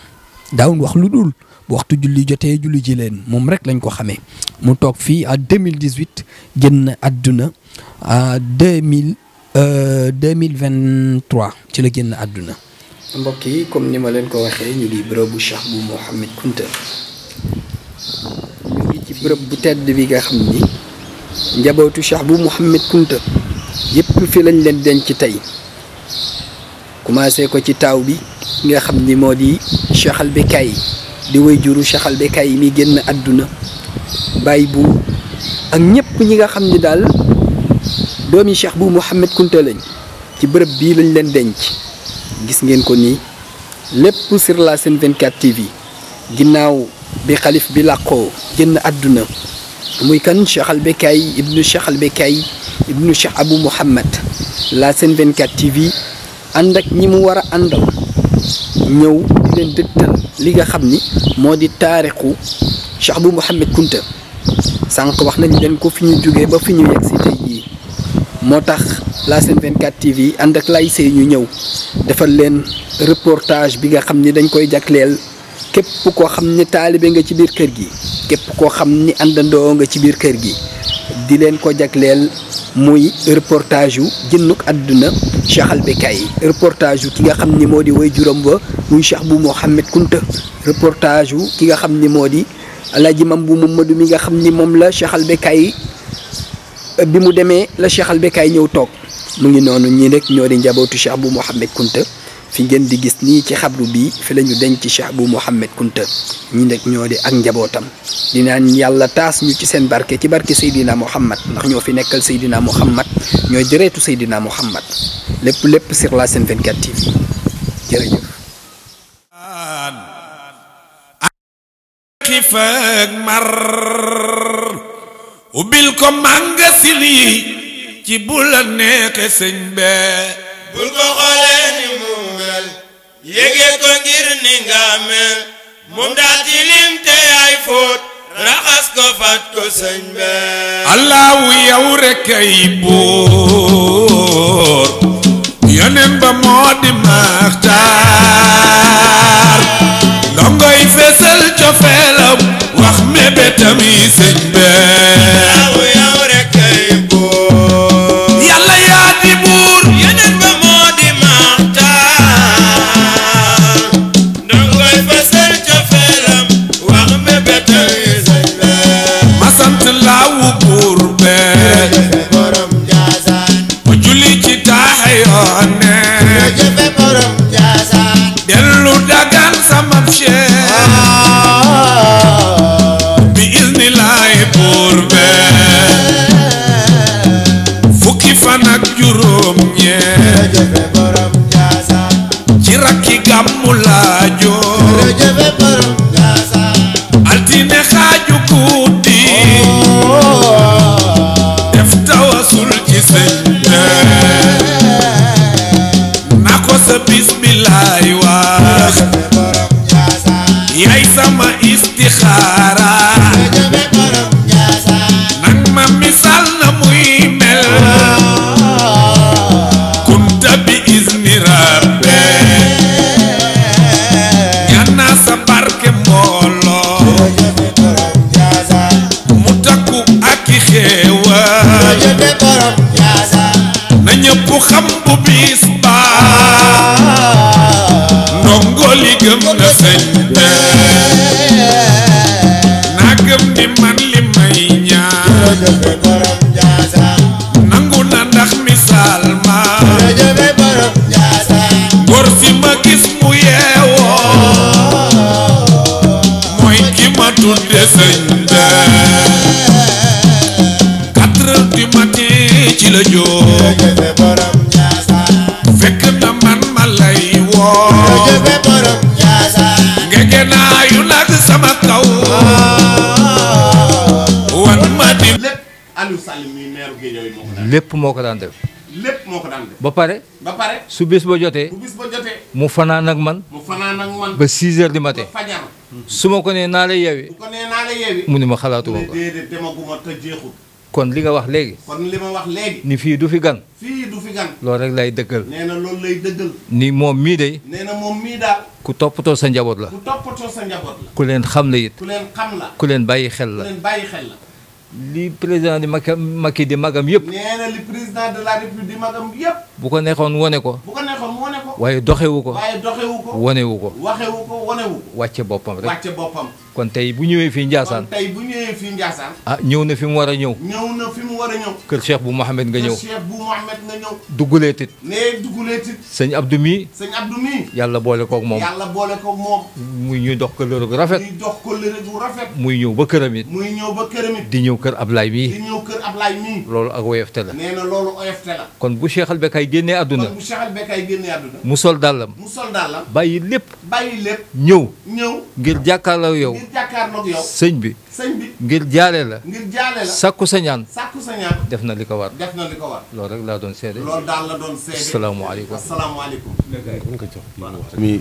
daawun wax lu dul bu waxtu julli jotee julli ji leen moom rek lañ ko xamee mu toog fii à 2018 génn àdduna à 2000 2023 euh, ci la génn àdduna. mbokk yi comme ni ma leen ko waxee ñu ngi bu Cheikh bu Mouhamed Kounta ñu ngi ci bërëb bu tedd bi nga xam ni njabootu Cheikh bu Mouhamed Kounta yëpp fi lañ leen denc tey commencé ko ci taaw bi nga xam ni moo di Cheikh al di way juru Cheikh al Bekkay mi génn àdduna bàyyi bu ak ñépp ñi nga xam ni daal doomi Cheikh bu Mouhamed Kunta lañ ci bërëb bii lañ leen denc gis ngeen ko nii lépp sur la Sen 24 TV ginnaaw bi xalif bi làqoo génn àdduna muy kan Cheikh al Bekkay ibnu Cheikh al Bekkay ibnu Cheikh Abou Mouhamed la Sen 24 TV ànd ak ñi mu war a àndal ñëw di leen dëgtal li nga xam ni moo di taarixu Cheikh Abou Mouhamed Kounta sànq wax nañ leen ko fi ñu jógee ba fi ñu yegg si tey moo tax la Sen 24 TV ànd ak lay sey ñu ñëw defal leen reportage bi nga xam ni dañ koy jagleel képp ko xam ni taalibe nga ci biir kër gi képp koo xam ni àndandoo nga ci biir kër gi di leen ko jagleel muy reportage yu jënnuk àdduna Cheikh Albekaay reportage yu ki nga xam ni moo di way juróom ba muy Cheikh bu Mouhamed Kunta reportage yu ki nga xam ni moo di alaaji mam bu Mamadou mi nga xam ni moom la Cheikh Albekaay bi mu demee la Cheikh Albekaay ñëw toog mu ngi noonu ñii rek ñoo di njabootu Cheikh bu Mouhamed Kunta fi ngeen di gis nii ci xabru bi fi la ñu denc Cheikh bu Mouhamed Kunta ñi nag ñoo di ak njabootam dinaan yàlla taas ñu ci seen barke ci barke Seydina Mouhamed ndax ñoo fi nekkal Seydina Mouhamed ñooy jëreetu Seydina Mouhamed lépp lépp sur la Sen 24 TV jërëjëf xiifak mar ubbil ko mànga ci bu neexe sëñ bee bul ko xoolee ni mu mel yëgee ko ngir ni nga mel moom daal ci lim te yaay fóot raxas ko fat ko sëñ be allahu yow rekk ay buur yonen ba moo di maxtaar ndongoy fesal cofeelam wax mébétam yi sëñ be fan ci rakki gàmmu altine xaaju guddi oh. def tawasul ci sëñ na ko sa bismillaay wax sama istixaara moo ko daan def. ba pare. su bis ba jotee. bu bis ba jotee. mu fanaan ak man. ba 6 heures du matin. su ma ko nee naa la yeewi. mu ni ma xalaatuma ko. kon li nga wax léegi. kon ni fii du fi gan. loolu rek lay dëggal. ni moom mii de. ku toppatoo sa njaboot la. ku leen xam la it. ku leen bàyyi xel la. Le président de magam président de la république di magam yep bu ko neexoon woné ko. bu ko neexoon Pourquoi ko. waye ko. ko. ko. ko kon tey bu ñëwee fii Ndiassane ah ñëw na fi mu war a ñëw ñëw na fi mu war a ñëw kër bu Mouhamed nga ñëw kër nga ñëw duggulee tit nee mii yàlla boole kook moom yàlla muy ñuy dox ko lëre gu rafet muy ñëw ba këram di ñëw kër Ablaye mii mii loolu ak woyofte la kon bu Cheikh Albekaay génnee àdduna kon bu mu sol dàllam mu bàyyi lépp ñëw ñëw ngir jàkkaarloo yow sëñ bi ngir jaale la. ngir jaale sa ñaan. na li ko war. loolu rek laa doon seede. loolu daal la doon mi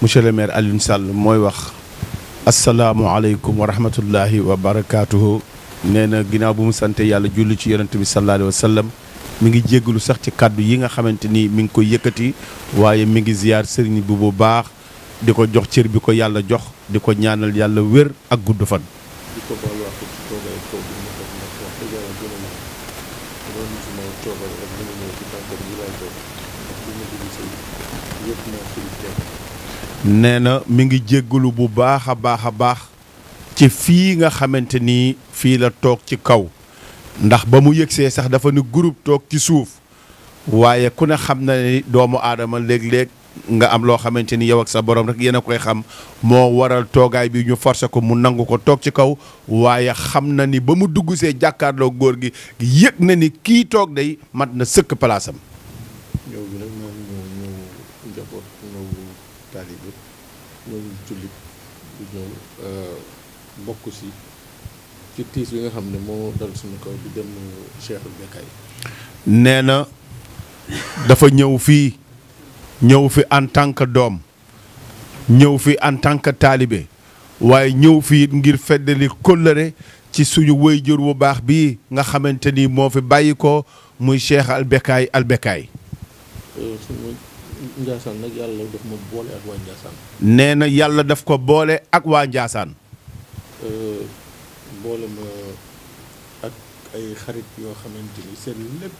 monsieur le maire Alioune Sall mooy wax. asalaamualeykum wa rahmatullahi wa barakaatuhu. nee na ginnaaw bu mu sant yàlla julli ci yonent bi sallallahu alayhi wa mi ngi jéggalu sax ci kàddu yi nga xamante ni mi ngi ko yëkkati waaye mi ngi ziyaar sëriñ bi bu baax di ko jox cër bi ko yàlla jox. di ko ñaanal yàlla wér ak gudd fan. nee na mu ngi jéggalu bu baax a baax a baax ci fii nga xamante nii fii la toog ci kaw ndax ba mu yëgsee sax dafa ni groupe toog ci suuf waaye ku ne xam na doomu aadama léeg-léeg. nga am loo xamante ni yow ak sa borom rek yéen a koy xam moo waral toogaay bi ñu force ko mu nangu ko toog ci kaw waaye xam na ni ba mu dugg see jàkkaarloo góor gi yëg na ni kii toog day mat na sëkk palaasam. ñëw bi nag euh, si ci nga xam ne moo nee na dafa ñëw fii. ñëw fi en tant que doom ñëw fi en tant que taalibe waaye ñëw fii ngir feddali kóllëre ci suñu wéyjur bu baax bii nga xamante ni moo fi bàyyi ko muy Cheikh Albekaay Albekaay. Njaasaan nag yàlla daf ma nee na yàlla daf ko boole ak waa Njaasaan. boole ay xarit yoo xamante ni seen lépp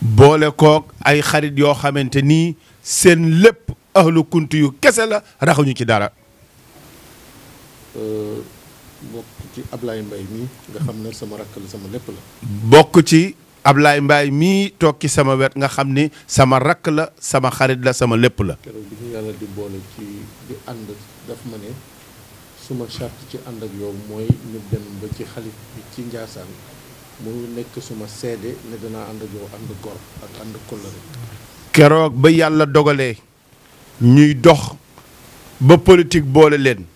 boole kook ay xarit yoo xamante nii seen lépp ahlu kunt yu kese la raxuñu ci dara. Euh, bokk ci Ablaye Mbaye mii nga xam sama rakk la sama lépp la. bokk ci Ablaye Mbaye mii toog ci sama wet nga xam ni sama rakk la sama xarit la sama lépp la. keroog bi di boole ci di ànd daf ma ne suma charte ci ànd ak yow mooy ñu dem ba ci xalif ci Njaasaan. mu nekk suma seede ne danaa ànd ak keroog ba yàlla dogalee ñuy dox ba politique boole leen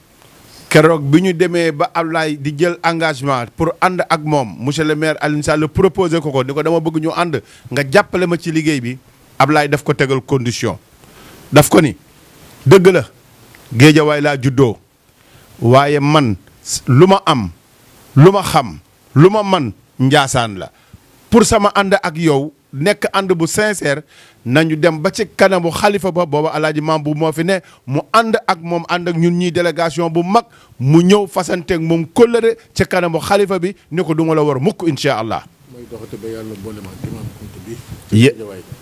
keroog bi ñu demee ba Ablaye di jël engagement pour ànd ak moom monsieur le maire Alioune Sall proposé ko ko ni ko dama bëgg ñu ànd nga jàppale ma ci liggéey bi Ablaye daf ko tegal condition daf ko ni dëgg la géejawaay laa juddoo waaye man lu ma am lu ma xam lu ma man njaasaan la pour sama ànd ak yow nekk ànd bu sincère nañu dem ba ci kanamu xalifa ba booba alaaji maam bu moo fi ne mu ànd ak moom ànd ak ñun ñii délégation bu mag mu ñëw fasanteeg moom kóllëre ci kanamu xalifa bi ni ko duma la war mukk incha allah.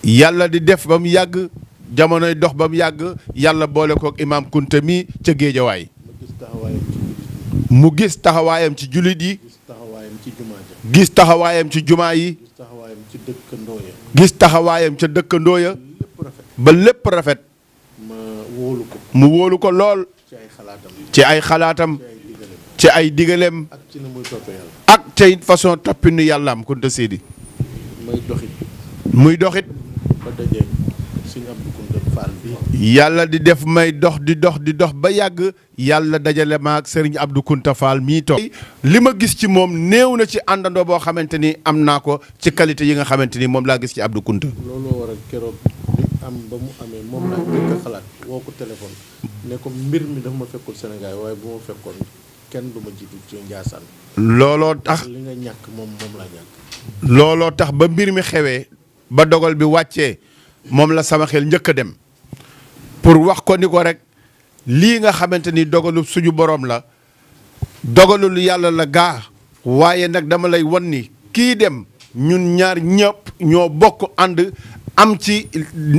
yàlla di def ba mu yàgg jamonoy dox ba mu yàgg yàlla boole kook imaam Kunta mi ca géejawaay mu gis taxawaayam ci jullit yi. gis taxawaayam ci jumaa yi. gis taxawaayam ci gis taxawaayam ca dëkkandoo ya. ba lépp rafet. ma wóolu ko. mu wóolu ko lool. ci ay xalaatam. ci ay xalaatam. ci ay digaleem. ak ci na muy ak tey façon toppinu yàlla am kunta séedi. muy doxit. yàlla di def may dox di dox di dox ba yàgg yàlla dajale maag Serigne Abdou Kounta Fall mii toog li ma gis ci moom néew na ci àndandoo boo xamante ni am naa ko ci qualité yi nga xamante ni moom laa gis ci Abdou Kounta. looloo waral ba mu amee moom laa téléphone ne ko mbir mi dafa ma fekkul Sénégal waaye bu fekkoon kenn du ma ci Ndiassane. looloo tax li nga ñàkk moom looloo tax ba mbir mi xewee ba dogal bi wàccee moom la sama xel njëkk a dem. pour wax ko ni ko rek lii nga xamante ni dogalu suñu boroom la dogalul yàlla la gaa waaye nag dama lay wan ni kii dem ñun ñaar ñëpp ñoo bokk ànd am ci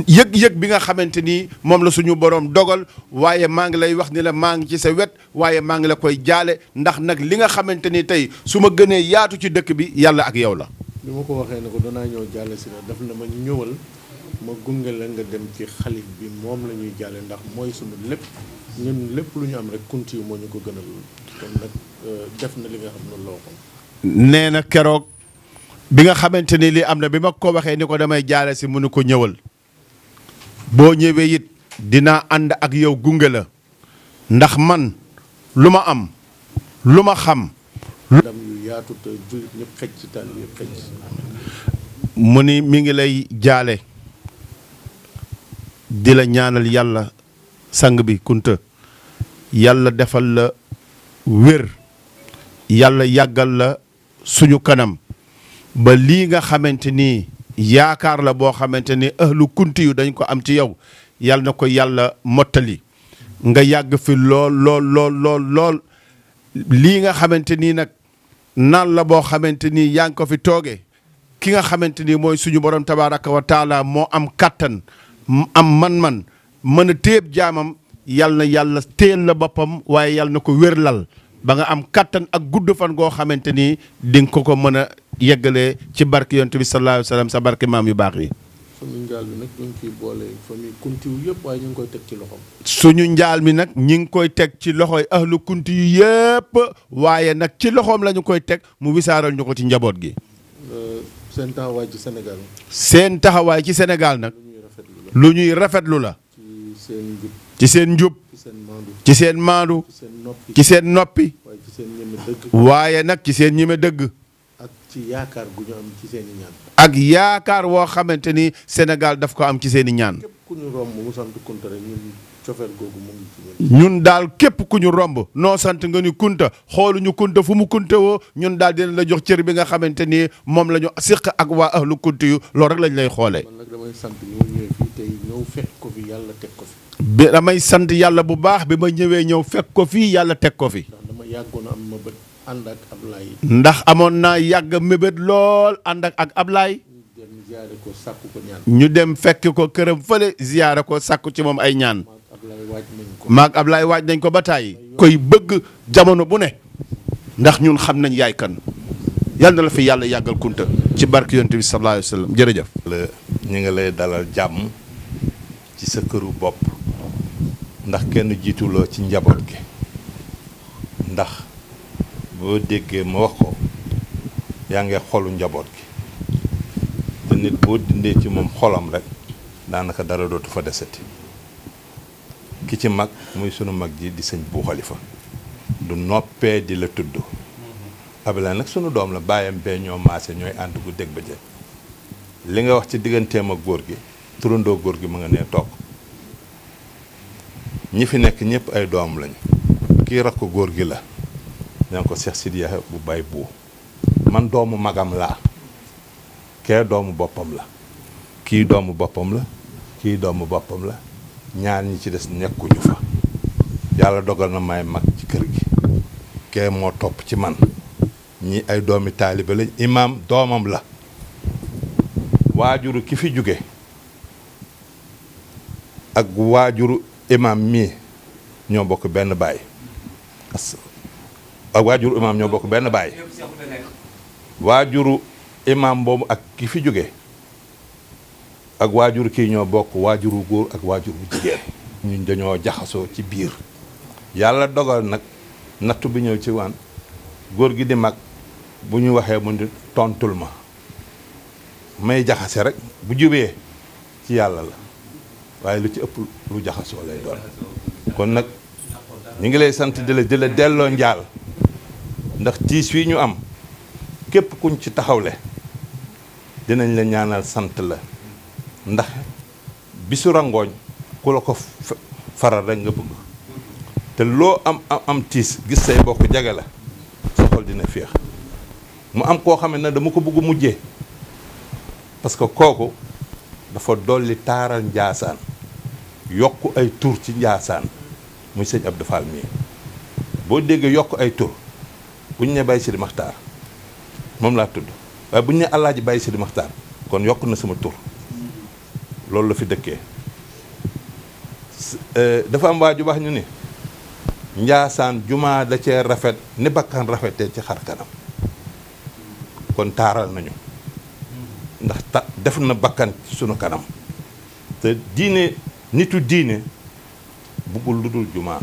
yëg-yëg bi nga xamante ni moom la suñu boroom dogal waaye maa ngi lay wax ni la maa ngi ci sa wet waaye maa ngi la koy jaale ndax nag li nga xamante ni tey su ma gënee yaatu ci dëkk bi yàlla ak yow la. bi ma ko waxee ne ko danaa ñëw jaale si la ma ñëwal. ma gunge la nga dem ci xalif bi la ñuy jàlle ndax mooy suñu lépp lépp lu ñu am rek kunti moo ñu ko gën a lul na li xam ne na keroog bi nga xamante ni li am na bi mag ko waxee ni ko damay jaale si mënu ko ñëwal boo ñëwee it dinaa ànd ak yow gunge la ndax man lu ma am lu ma xam. lu yu yaatu mu ni mi ngi lay jaale. dila ñaanal yàlla sang bi kunta yàlla defal la wér yàlla yàggal la suñu kanam ba lii nga xamante ni yaakaar la boo xamante ni ahlu kunti yu dañ ko am ci yow yàlla na ko yàlla mottali nga yàgg fi lool lool lool lool lii nga xamante nii nag naan la boo xamante nii yaa ngi ko fi tooge ki nga xamante ni mooy suñu borom tabaraka wa taala moo am kàttan am man-man mën a téeb jaamam yal na yàlla téel la boppam waaye yal na ko wér lal ba nga am kattan ak gudd fan goo xamante ni di ko ko mën a yeggalee ci barke yonent bi sallallahu sa barke maam yu baax yi. suñu ñu waaye ñu ngi koy teg ci loxoom. suñu njaal mi nag ñu ngi koy teg ci loxoy ahlu kunti yu yëpp waaye nag ci loxoom lañu koy teg mu wisaaral ñu ko ci njaboot gi. Euh, seen taxawaay ci Sénégal. seen taxawaay ci Sénégal nag. lu ñuy rafetlu la ci seen njub ci seen maandu ci seen noppi waaye nag ci seen ñeme dëgg ak ci yaakaar gu ñu ci seen i ñaan ak yaakaar woo xamante ni Sénégal daf ko am ci seen i ñaan ku ñu romb mu sant Kunta ñun daal képp ku ñu romb noo sant nga ni kunta xooluñu kunta fu mu kunta ñun daal dinañ la jox cër bi nga xamante ni moom la ñu siq ak waa ahlu kunta yu loolu rek lañ lay xoolee. nag damay sant ñëw fekk ko yàlla teg ko bi damay sant yàlla bu baax bi ma ñëwee ñëw fekk ko fii yàlla teg ko fi. ndax dama yàggoon am ma bët ànd ak ndax amoon naa yàgg mébét lool ànd ak ak Ablaye. ñu dem ziare ko sàkku ko ñaan. ñu fekk ko këram fële ziare ko sàkku ci moom ay ñaan. ab Ablaye waaj nañ ko ba tàyyi koy bëgg jamono bu ne ndax ñun xam nañ yaay kan yal na la fi yàlla yàggal kunta ci barke yonent bi jërëjëf. ñu ngi lay dalal jàmm ci sa këru bopp ndax kenn jiituloo ci njaboot gi ndax boo déggee ma wax ko yaa ngi xolu njaboot gi te nit boo dindee ci moom xolam rek daanaka dara dootu fa desati. ki ci mag muy sunu mag ji di sëñ bu khalifa du noppé di la tuddu abla nak sunu dom la bayam be ñoo massé ñoy ànd gu dég ba jë li nga wax ci digënté ak góor gi turundo góor gi ma nga né tok ñi fi nek ñepp ay dom lañ ki rak ko góor gi la ña ko Cheikh Sidiya bu bay bu man domu magam la kee domu bopam la ki domu bopam la ki domu bopam la ñaar ñi ci des nekkuñu fa yàlla dogal na may mag ci kër gi kee moo topp ci man ñi ay doomi taalibe lañ imaam doomam la waajuru ki fi jóge ak waajuru imaam mii ñoo bokk benn baay ak waajuru imaam ñoo bokk benn baay waajuru imaam boobu ak ki fi jóge ak waajur kii ñoo bokk waajuru góor ak waajur bu jigéen ñun dañoo jaxasoo ci biir yàlla dogal nag nattu bi ñëw ci waan góor gi di mag bu ñu waxee mu ni tontul ma may jaxase rek bu jubee ci yàlla la waaye lu ci ëpp lu jaxasoo lay doon kon nag ñu ngi lay sant di la di la delloo njaal ndax tiis wi ñu am képp kuñ ci taxawle dinañ la ñaanal sant la ndax bisu rangooñ ku la ko faral rek nga bëgg te loo am am tiis gis say bokk jege la sa dina féex mu am koo xam ne dama ko bëgg mujjee parce que kooku dafa dolli taaral njaasaan yokk ay tur ci njaasaan muy sëñ ab Fall mii boo déggee yokk ay tur bu ñu ne Baye Sidi moom laa tudd waaye bu ñu ne allaaj Baye Sidi Maxtaar kon yokk na sama tur loolu la fi dëkkee euh, dafa am waa ju baax ñu ni njaasaan jumaa da cee rafet ni bàkkan rafetee ci xar kanam kon taaral nañu ndax ta def na bakkan ci sunu kanam te diine nitu diine buggul lu dul jumaa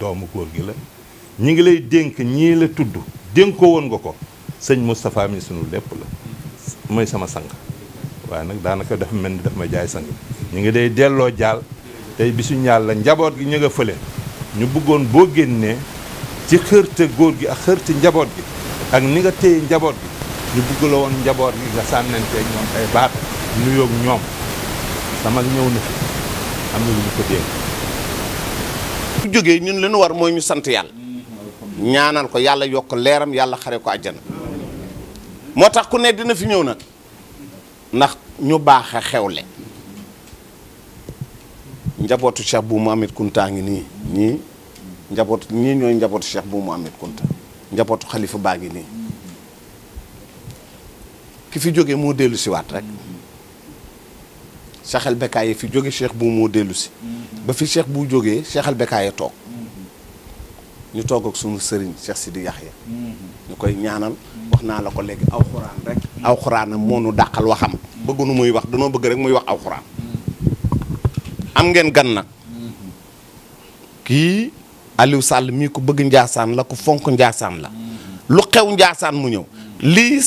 doomu góor gi la ñu ngi lay dénk ñii la tudd dénkoo woon nga ko sëñ Moustapha mi sunu lépp la mooy sama sang waaye nag daanaka dafa mel ni daf ma jaay sang ñu ngi day delloo jaal tey bisu ñaal la njaboot gi ñu nga fële ñu bëggoon boo génnee ci xërte góor gi ak njaboot gi ak ni nga téye njaboot gi ñu bëgg la woon njaboot gi nga sànnanteeg ñoom tey baat nuyoog ñoom sama ñëw na fi am na ñu ko dégg. bu jógee ñun li war mooy ñu sant yàlla ñaanal ko yàlla yokk leeram yàlla xare ko àjjana moo tax ku ne dina fi ñëw nag. ndax ñu baaxa a xewle njabootu Cheikh bu Mouhamed Kounta ngi nii ñii njaboot ñii ñooy njabootu Cheikh bu Mouhamed Kounta njabootu xalifa baa ngi nii ki fi jóge moo dellu waat rek Cheikh al yi fi jóge Cheikh bu moo dellu si ba fi Cheikh bu jógee Cheikh al Bekaaye toog ñu toog ak sunu sëriñ Cheikh Sidi Yaxya mm-hmm. ñu koy ñaanal wax naa la ko léegi aw xuraan rek aw xuraanam moo nu dàqal waxam bëggunu muy wax danoo bëgg rek muy wax aw xuraan am ngeen gan nag kii Aliou Sall mii ko bëgg Njaasaan la ko fonk Njaasaan la lu xew Njaasaan mu ñëw lii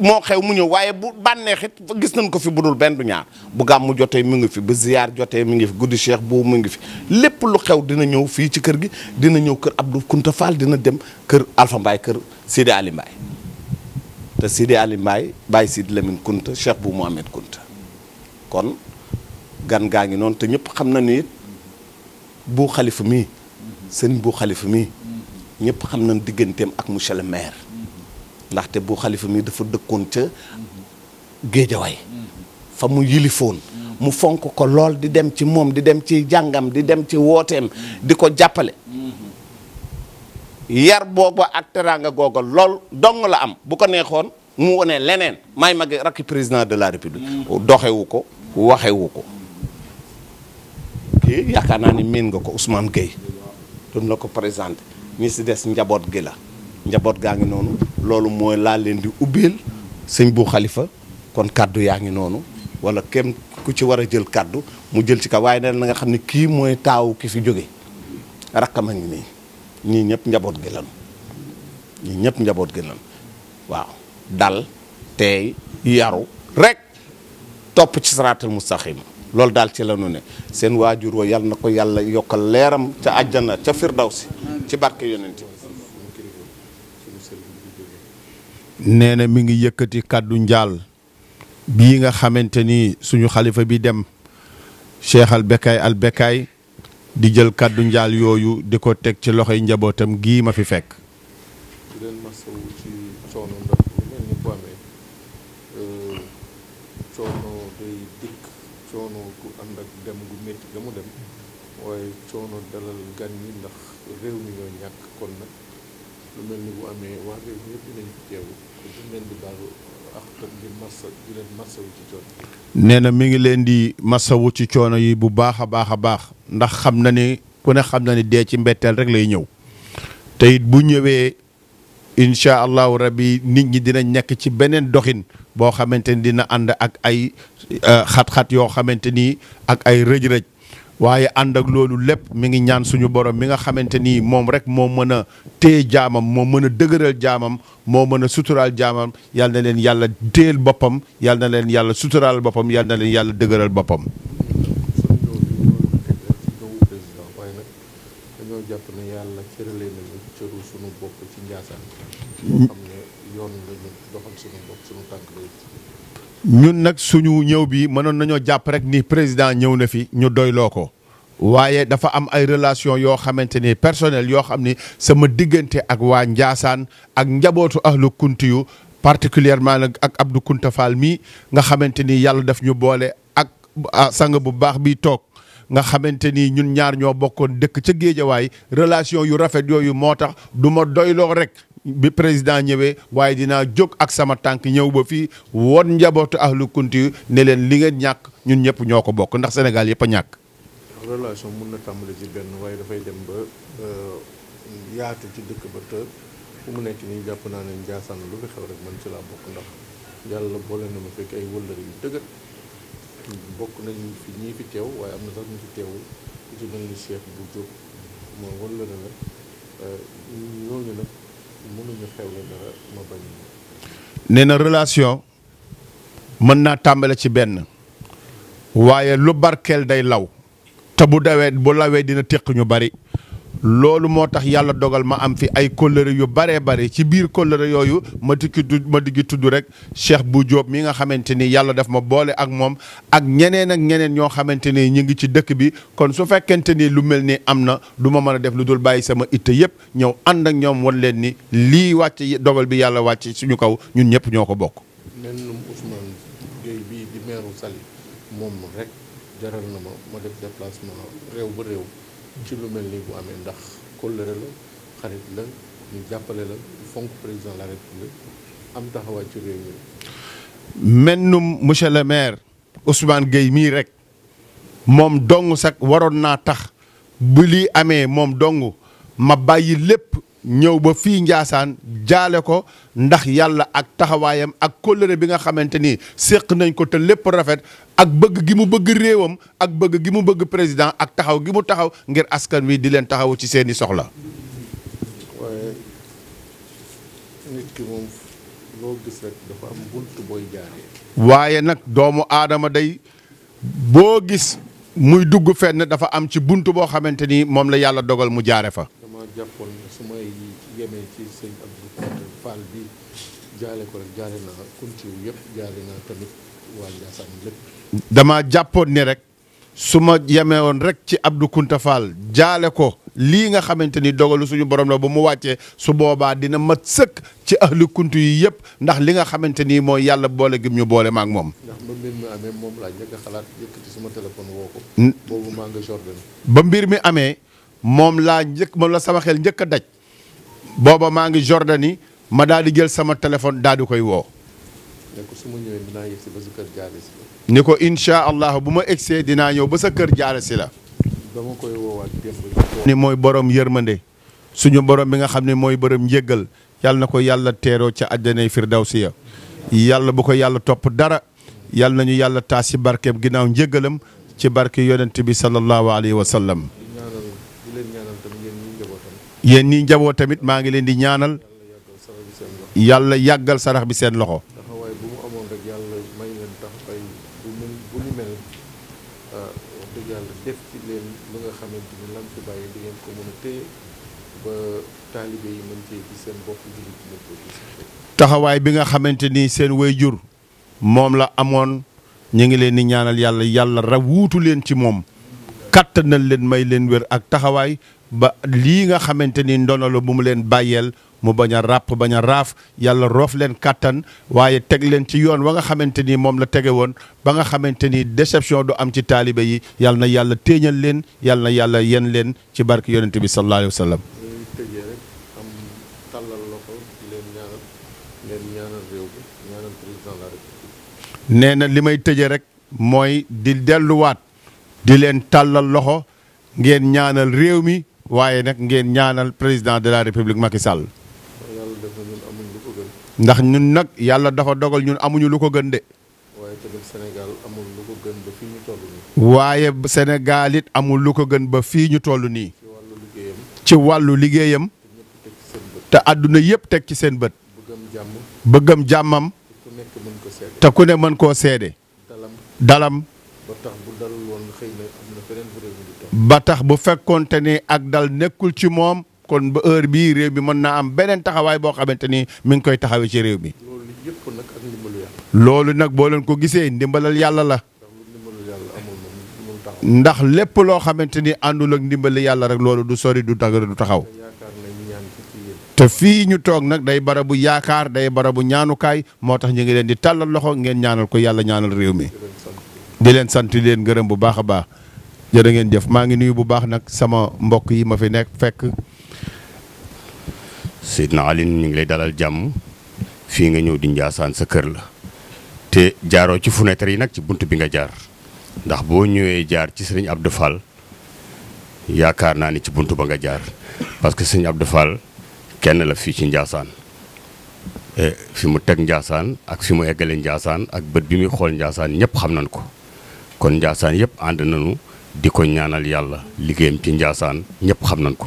moo xew mu ñëw waaye bu bànneexit gis nañ ko fi bu dul benn du ñaar bu gàmmu jotee mu ngi fi bu ziyaar jotee mu ngi fi guddi cheikh boobu mu ngi fi lépp lu xew dina ñëw fii ci kër gi dina ñëw kër ab Kounta Fall dina dem kër Alpha Mbaye kër te Sidi de Mbaye Baye Sidi Lamine Kunta Cheikh bu Mohamed Kunta kon gan gaa ngi noonu te ñëpp xam na ni bu xalifa mii seen bu xalifa mii ñëpp xam nañ digganteem ak monsieur maire ndaxte bu xalifa mii dafa dëkkoon ca géejawaay fa mu yilifoon mu fonk ko lool di dem ci moom di dem ci jàngam di dem ci wooteem di ko jàppale yar booba ak teraanga googa lool dong la am bu ko neexoon mu wone leneen may mag rakki président de la république doxewu ko waxewu ko kii yaakaar naa ni miin nga ko Ousmane Gueye duñ la ko présenté ñi si des njaboot gi la njaboot gaa ngi noonu loolu mooy laa leen di ubbeel sëñ bu xalifa kon kàddu yaa ngi noonu wala kenn ku ci war a jël kàddu mu jël ci kaw waaye na nga xam ne kii mooy taaw ki fi jóge rakkama ngi nii ñii ñëpp njabot gi lan ñii ñëpp njaboot gi waaw dal teey yaru rek top ci siraatal mustaqim lol dal ci la nu ne seen waajur wa yàlla na ko yàlla yokkal leeram ca àjjana ca firdawsi ci barke yonent nee na mi ngi yëkkati kàddu njaal bii nga xamante suñu xalifa bi dem cheikh al bekaay al bekaay di jël kàddu njaal yooyu di ko teg ci loxoy njabootam gii ma fi fekk. waaye coono dalal gan ñi ndax réew mi ñoo ñàkk kon nag lu mel ni bu amee wax réew mi yëpp dinañ teew di mel ni baalu ak di massa di leen massawu ci coono nee na mi ngi leen di masawu ci coono yi bu baax a baax a baax ndax xam na ne ku ne xam na ne dee ci mbetteel rek lay ñëw te it bu ñëwee incha allahu rabbi nit ñi dinañ nekk ci beneen doxin boo xamante ni dina ànd ak ay eh, xat-xat yoo xamante ni ak ay rëj-rëj. waaye ànd ak loolu lépp mu ngi ñaan suñu borom mi nga xamante ni moom rek moo mën a téye jaamam moo mën a dëgëral jaamam moo mën a suturaal jaamam yal na leen yàlla téel boppam yal na leen yàlla suturaal boppam yal na leen yàlla dëgëral boppam. dañoo jàpp yàlla cëralee ñun nag suñu ñëw bi mënoon nañoo jàpp rek ni président ñëw na fi ñu doyloo ko waaye dafa am ay relation yoo xamante ni personnel yoo xam ni sama diggante ak waa Njaasaan ak njabootu ahlu kunti yu particulièrement nag ak Abdou Kunta Fall mii nga xamante ni yàlla daf ñu boole ak sang bu baax bi toog nga xamante ni ñun ñaar ñoo bokkoon dëkk ca géejawaay relation yu rafet yooyu moo tax du ma doyloo rek bi président ñëwee waaye dinaa jóg ak sama tànk ñëw ba fii won njabootu ahlu kunti ne leen li nga ñàkk ñun ñëpp ñoo ko bokk ndax Sénégal yëpp a ñàkk. relation mun na tàmbali ci benn waaye dafay dem ba euh, yaatu ci dëkk ba te fu mu nekk nii jàpp naa ne Ndiassane lu fi xew rek man ci laa bokk ndax yàlla boole na ma fekk ay wëllëri yu dëgër bokk nañ fi ñii fi teew waaye am na sax ñu fi teewul ku ci mel bu Diop moom wëllëri la euh, ñooñu nag. mënuñu nee na relation mën naa tàmbale ci benn waaye lu barkeel day law te bu dawee bu lawee dina téq ñu bari loolu moo tax yàlla dogal ma am fi ay kóllëre yu baree bare ci biir kóllëre yooyu ma di ma diggi tudd rek Cheikh bu jóob mi nga xamante ni yàlla def ma boole ak moom ak ñeneen ak ñeneen ñoo xamante ni ñu ngi ci dëkk bi kon su fekkente ni lu mel ni am na du ma mën a def lu dul bàyyi sama itte yëpp ñëw ànd ak ñoom wan leen ni lii wàcc dogal bi yàlla wàcc suñu kaw ñun ñëpp ñoo ko bokk. nennum Ousmane Gueye bii ci lu mel ni bu amee ndax kóllëre la xarit la ñu jàppale la fonk président de la république am taxawaay ci réew mi. mennum monsieur le maire Ousmane Gueye mii rek moom dong sax waroon naa tax bu lii amee moom dong ma bàyyi lépp. ñëw ba fii Njaasaan jaale ko ndax yàlla ak taxawaayam ak kóllëre bi nga xamante ni séq nañ ko te lépp rafet ak bëgg gi mu bëgg réewam ak bëgg gi mu bëgg président ak taxaw gi mu taxaw ngir askan wi di leen taxawu ci seeni soxla. waaye nag doomu aadama day boo gis muy dugg fenn dafa am ci bunt boo xamante ni moom la yàlla dogal mu jaare fa. jàppoon su may yemee ci sëñ Abdou Fall bi jaale ko rek jaale naa kuntiw yëpp jaale naa tamit waa Ndiassane lépp. dama jàppoon ni rek su ma yemee woon rek ci Abdou Kounta Fall jaale ko lii nga xamante ni dogalu suñu borom la ba mu wàccee su boobaa dina mat sëkk ci ahlu kuntu yi yëpp ndax li nga xamante ni mooy yàlla boole gim ñu boole maak moom. ndax ba amee moom laa njëkk xalaat yëkkati sama téléphone ba mbir mi amee. moom laa njëkk moom la sama xel njëkk a daj booba maa ngi Jordanie ma daal di jël sama téléphone daal di koy woo. ne ni ko incha allah bu ma egsee dinaa ñëw ba sa kër jaale si la. ma koy woowaat démb mooy borom yërmande suñu borom bi nga xam ne mooy borom njéggal yàlla na ko yàlla teeroo ca àjjanay firdawsi ya yàlla bu ko yàlla topp dara yàlla nañu yàlla taas ci barkeem ginnaaw njéggalam ci barke yonent bi sallallahu alayhi wa sallam. yéen ñii njaboot tamit maa ngi leen di ñaanal yàlla yàggal sarax bi seen loxo. taxawaay bi nga xamante ni seen waajur moom la amoon ñu ngi leen di ñaanal yàlla yàlla ra wuutu leen ci moom kàttanal leen may leen wér ak taxawaay ba lii nga xamante ni ndono la bu mu leen bàyyeel mu bañ a ràpp bañ a raaf yàlla roof leen kàttan waaye teg leen ci yoon wa nga xamante ni moom la tege woon ba nga xamante ni déception du am ci taalibe yi yàlla na yàlla téeñal leen yàlla yàlla yen leen ci barke yonente bi sallallahu alayhi wa na li may tëje rek mooy di delluwaat di leen tàllal loxo ngeen ñaanal réew mi waaye nag ngeen ñaanal président de la république Macky Sall. ndax ñun nag yàlla dafa dogal ñun amuñu lu ko gën de. waaye tamit amul lu ko gën ba fii ñu toll nii. ci wàllu liggéeyam. te àdduna yëpp teg ci seen bët. bëggam jàmmam. te ku nekk mën ko seede. ne mën koo seede. dalam ba tax bu fekkoonte ni ak dal nekkul ci moom kon ba heure bii réew mi mën naa am beneen taxawaay boo xamante ni mi ngi koy taxawee ci réew mi. loolu nag boo leen ko gisee ndimbalal yàlla la. ndax lépp loo xamante ni àndul ak ndimbali yàlla rek loolu du sori du tax du taxaw. te fii ñu toog nag day barabu yaakaar day barabu ñaanukaay moo tax ñu ngi leen di tàllal loxo ngeen ñaanal ko yàlla ñaanal réew mi. di leen sant di leen gërëm bu baax a baax. jërë ngeen jëf maa ngi nuyu bu baax nag sama mbokk yi ma fi nekk fekk. Seydina Alioune ñu ngi lay dalal jàmm fii nga ñëw di njaasaan sa kër la te jaaroo ci fenêtre yi nag ci bunt bi nga jaar ndax boo ñëwee jaar ci sëriñ ab Fall yaakaar naa ni ci bunt ba nga jaar parce que sëriñ ab Fall kenn la fii ci Ndiassane eh, fi mu teg njaasaan ak fi mu eggale njaasaan ak bët bi muy xool Ndiassane ñëpp xam nañ ko kon njaasaan yëpp ànd nañu. diko ñaanal yàlla ligéem ci Njaasaan ñëpp xam nañ ko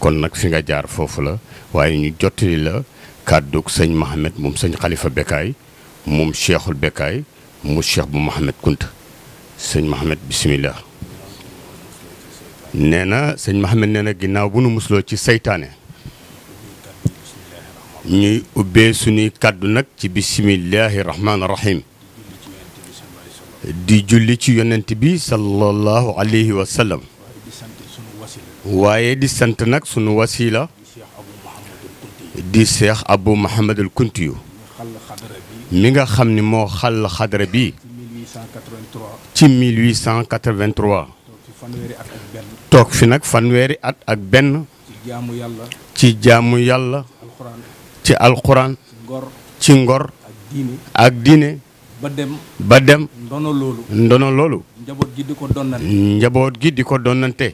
kon nak fi nga jaar fofu la waye ñu jottali la kàddug sëñ mohammed mum sëñ Khalifa bekay mum Cheikhul bekay mu Cheikh bu mohammed Kunta sëñ mohammed bismillah neena na sëñ Mohamed nee na bu nu muslo ci seytaane ñuy ubbe suñuy kàddu nak ci bismillahir rahmanir rahim. di julli ci yonent bi sallallahu alayhi wa sallam waye di sant nak sunu wasila di cheikh abou mohammed muhammadul kunti mi nga xamni mo xal khadra bi ci 1883 tok fi nak fanweri at ak ben ci jaamu yàlla ci alquran ci ngor ak dine ba dem ba dem. ndono loolu. ndono loolu. njaboot gi di ko donnante. njaboot gi di ko donnante.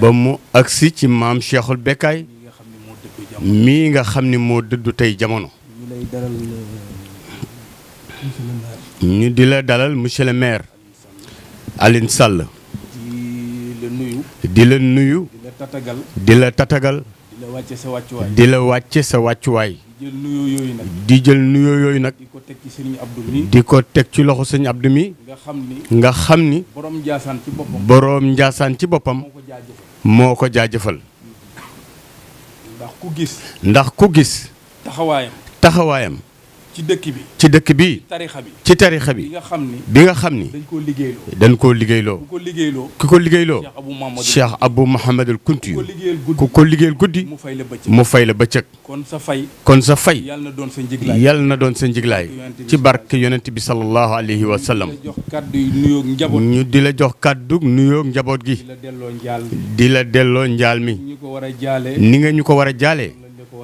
ba mu agsi ci maam Cheikhul Bekkaay. mii nga xam ni moo dëddu tey jamono. Euh, ñu di la dalal monsieur le maire. Alioune Sall. di la nuyu. di la nuyu. di la tatagal. di wàcce sa wàccuwaay. di la wàcce sa wàccuwaay. yooyu nag. di jël nuyoo yooyu nag. di ko teg ci sëriñ Abdou di ko teg ci loxo sëriñ Abdou mi. nga xam ni. nga xam ni. borom Ndiassane ci boppam. borom Ndiassane ci boppam. moo ko jaajëfal. ndax ku gis. ndax ku gis. taxawaayam. taxawaayam. ci dëkk bi ci dëkk bi. ci tarixa bi bi nga xam ni. nga xam ni dañ koo liggéey dañ koo liggéeyloo. ko liggéeyloo. ku ko abu Cheikh Abou Mouhamadul Kunti yu. ku ko liggéeyal guddi. mu fay la bëccëg mu fay la bëccëg. kon sa fay. kon sa fay. yal na doon sa njiglaay yal na doon sa njiglaay. ci barke yonent bi sallallahu alayhi wa sallam. ñu di la jox kàddu nuyoog njaboot gi. di la delloo njaal mi. ni nga ñu ko war a jaale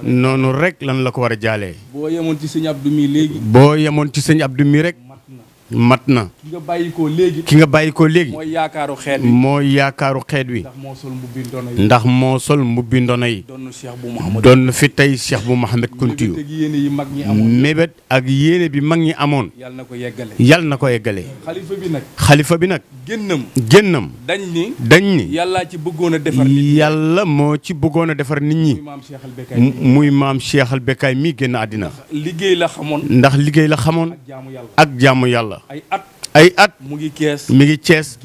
noonu rek lan la ko war a jaalee. boo yemoon ci ab du mi léegi. boo yemoon ci sëñ Abdou mi rek. mat na. ki nga bàyyi ko léegi. ki nga bàyyi ko léegi. mooy yaakaaru xeet wi yaakaaru xeet wi. ndax moo sol mbubbi ndono yi. ndax moo sol mbubbi ndono yi. doon Cheikh bu Mouhamed. doon fi tey Cheikh bu Mouhamed Kountiyu. mébét ak yéene bi mag ñi amoon. yal na ko yeggale. yal na ko yeggale. xalifa bi nag. xalifa bi nag. génnam. génnam. dañ ni. dañ ni. yàlla ci bëggoon a defar nit ñi. moo ci bëggoon a defar nit ñi. muy maam Cheikh Albekaay mi génn àddina. liggéey la xamoon. ndax liggéey la xamoon. ak jaamu yàlla. ay at ay at mu ngi Cees mi ngi Cees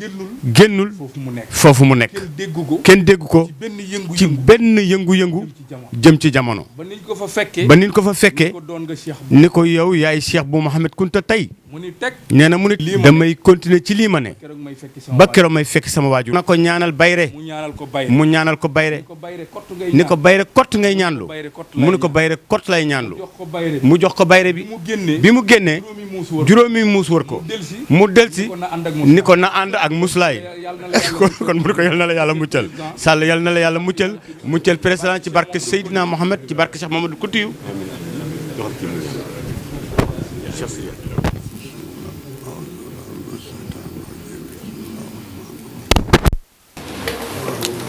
génnul foofu mu nekk kenn dégg ko ci benn yëngu-yëngu jëm ci jamono ba niñ ko fa fekkee ni ko yow yaay Cheikh bu Mouhamed Kunta tey nee na mu ni damay continuer ci lii ma ne ba keroog may fekk sama waajur na ko ñaanal bayre mu ñaanal ko bayre ni ko bayre kott ngay ñaanlu mu ni ko bayre kott lay ñaanlu mu jox ko bayre bi bi mu génnee juróomi muus wër ko mu delsi ni ko na ànd ak muslaay kon mu ni ko yal na la yàlla muccal sàll yal na la yàlla muccal muccal président ci barke Seydina Mohamed ci barke Cheikh Mamadou Koutiou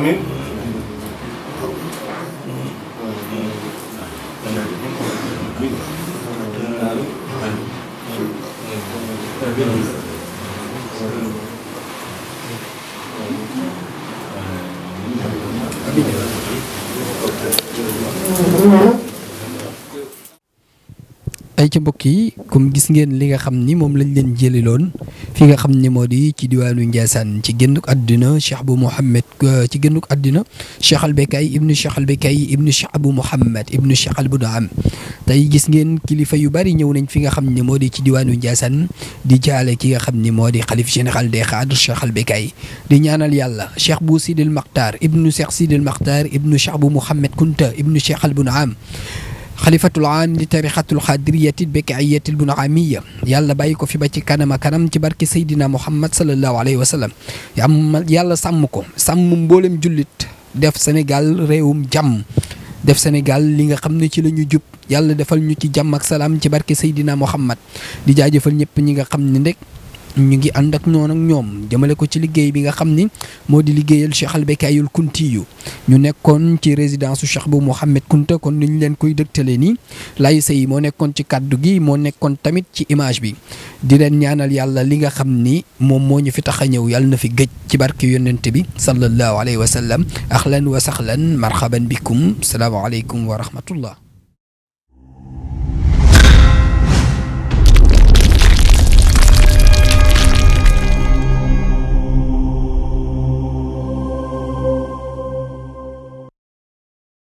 amiin ay ca mbokk yi comme gis ngeen li nga xam ni moom lañ leen jëliloon fi nga xam modi ci diwanu Ndiassane ci génnuk adina Cheikh Abou mohammed ci génnuk adina Cheikh al Bekkay ibnu Cheikh al Bekkay ibnu Cheikh Abou mohammed ibnu Cheikh al Boudaam tey gis ngeen kilifa yu bari ñëw nañ fi nga xam modi ci diwanu Ndiassane di jale ki nga xam modi moo général de khadr Cheikh al di ñaanal yàlla Cheikh Bou Sidil maktar ibnu Cheikh Sidil maktar ibnu Cheikh Abou mohammed Kunta ibnu Cheikh al xalifatul aan li tarixatul xaadiriyati bekkaayati bunaamiya yàlla bàyyi ko fi ba ci kanama kanam ci barke Seydina Muhammad sallallahu alayhi wa sallam yàlla sàmm ko sàmm mboolem jullit def Sénégal réewum jàmm def Sénégal li nga xam ne ci la ñu jub yàlla defal ñu ci jàmm ak salaam ci barke Seydina Muhammad di jaajëfal ñëpp ñi nga xam ne ndek ñu ngi ànd ak noonu ak ñoom jëmale ko ci liggéey bi nga xam ni moo di liggéeyal Cheikh Albekaayul Kunti yu ñu nekkoon ci résidence su Cheikh bu Mouhamed Kunta kon ni ñu leen koy dëgtalee nii layu sa yi moo nekkoon ci kàddu gi moo nekkoon tamit ci image bi di leen ñaanal yàlla li nga xam ni moom moo ñu fi tax a ñëw yàlla na fi géej ci barke yonent bi sallallahu alayhi wa sallam ahlan wa sahlan marhaban bikum salaamaaleykum wa rahmatullah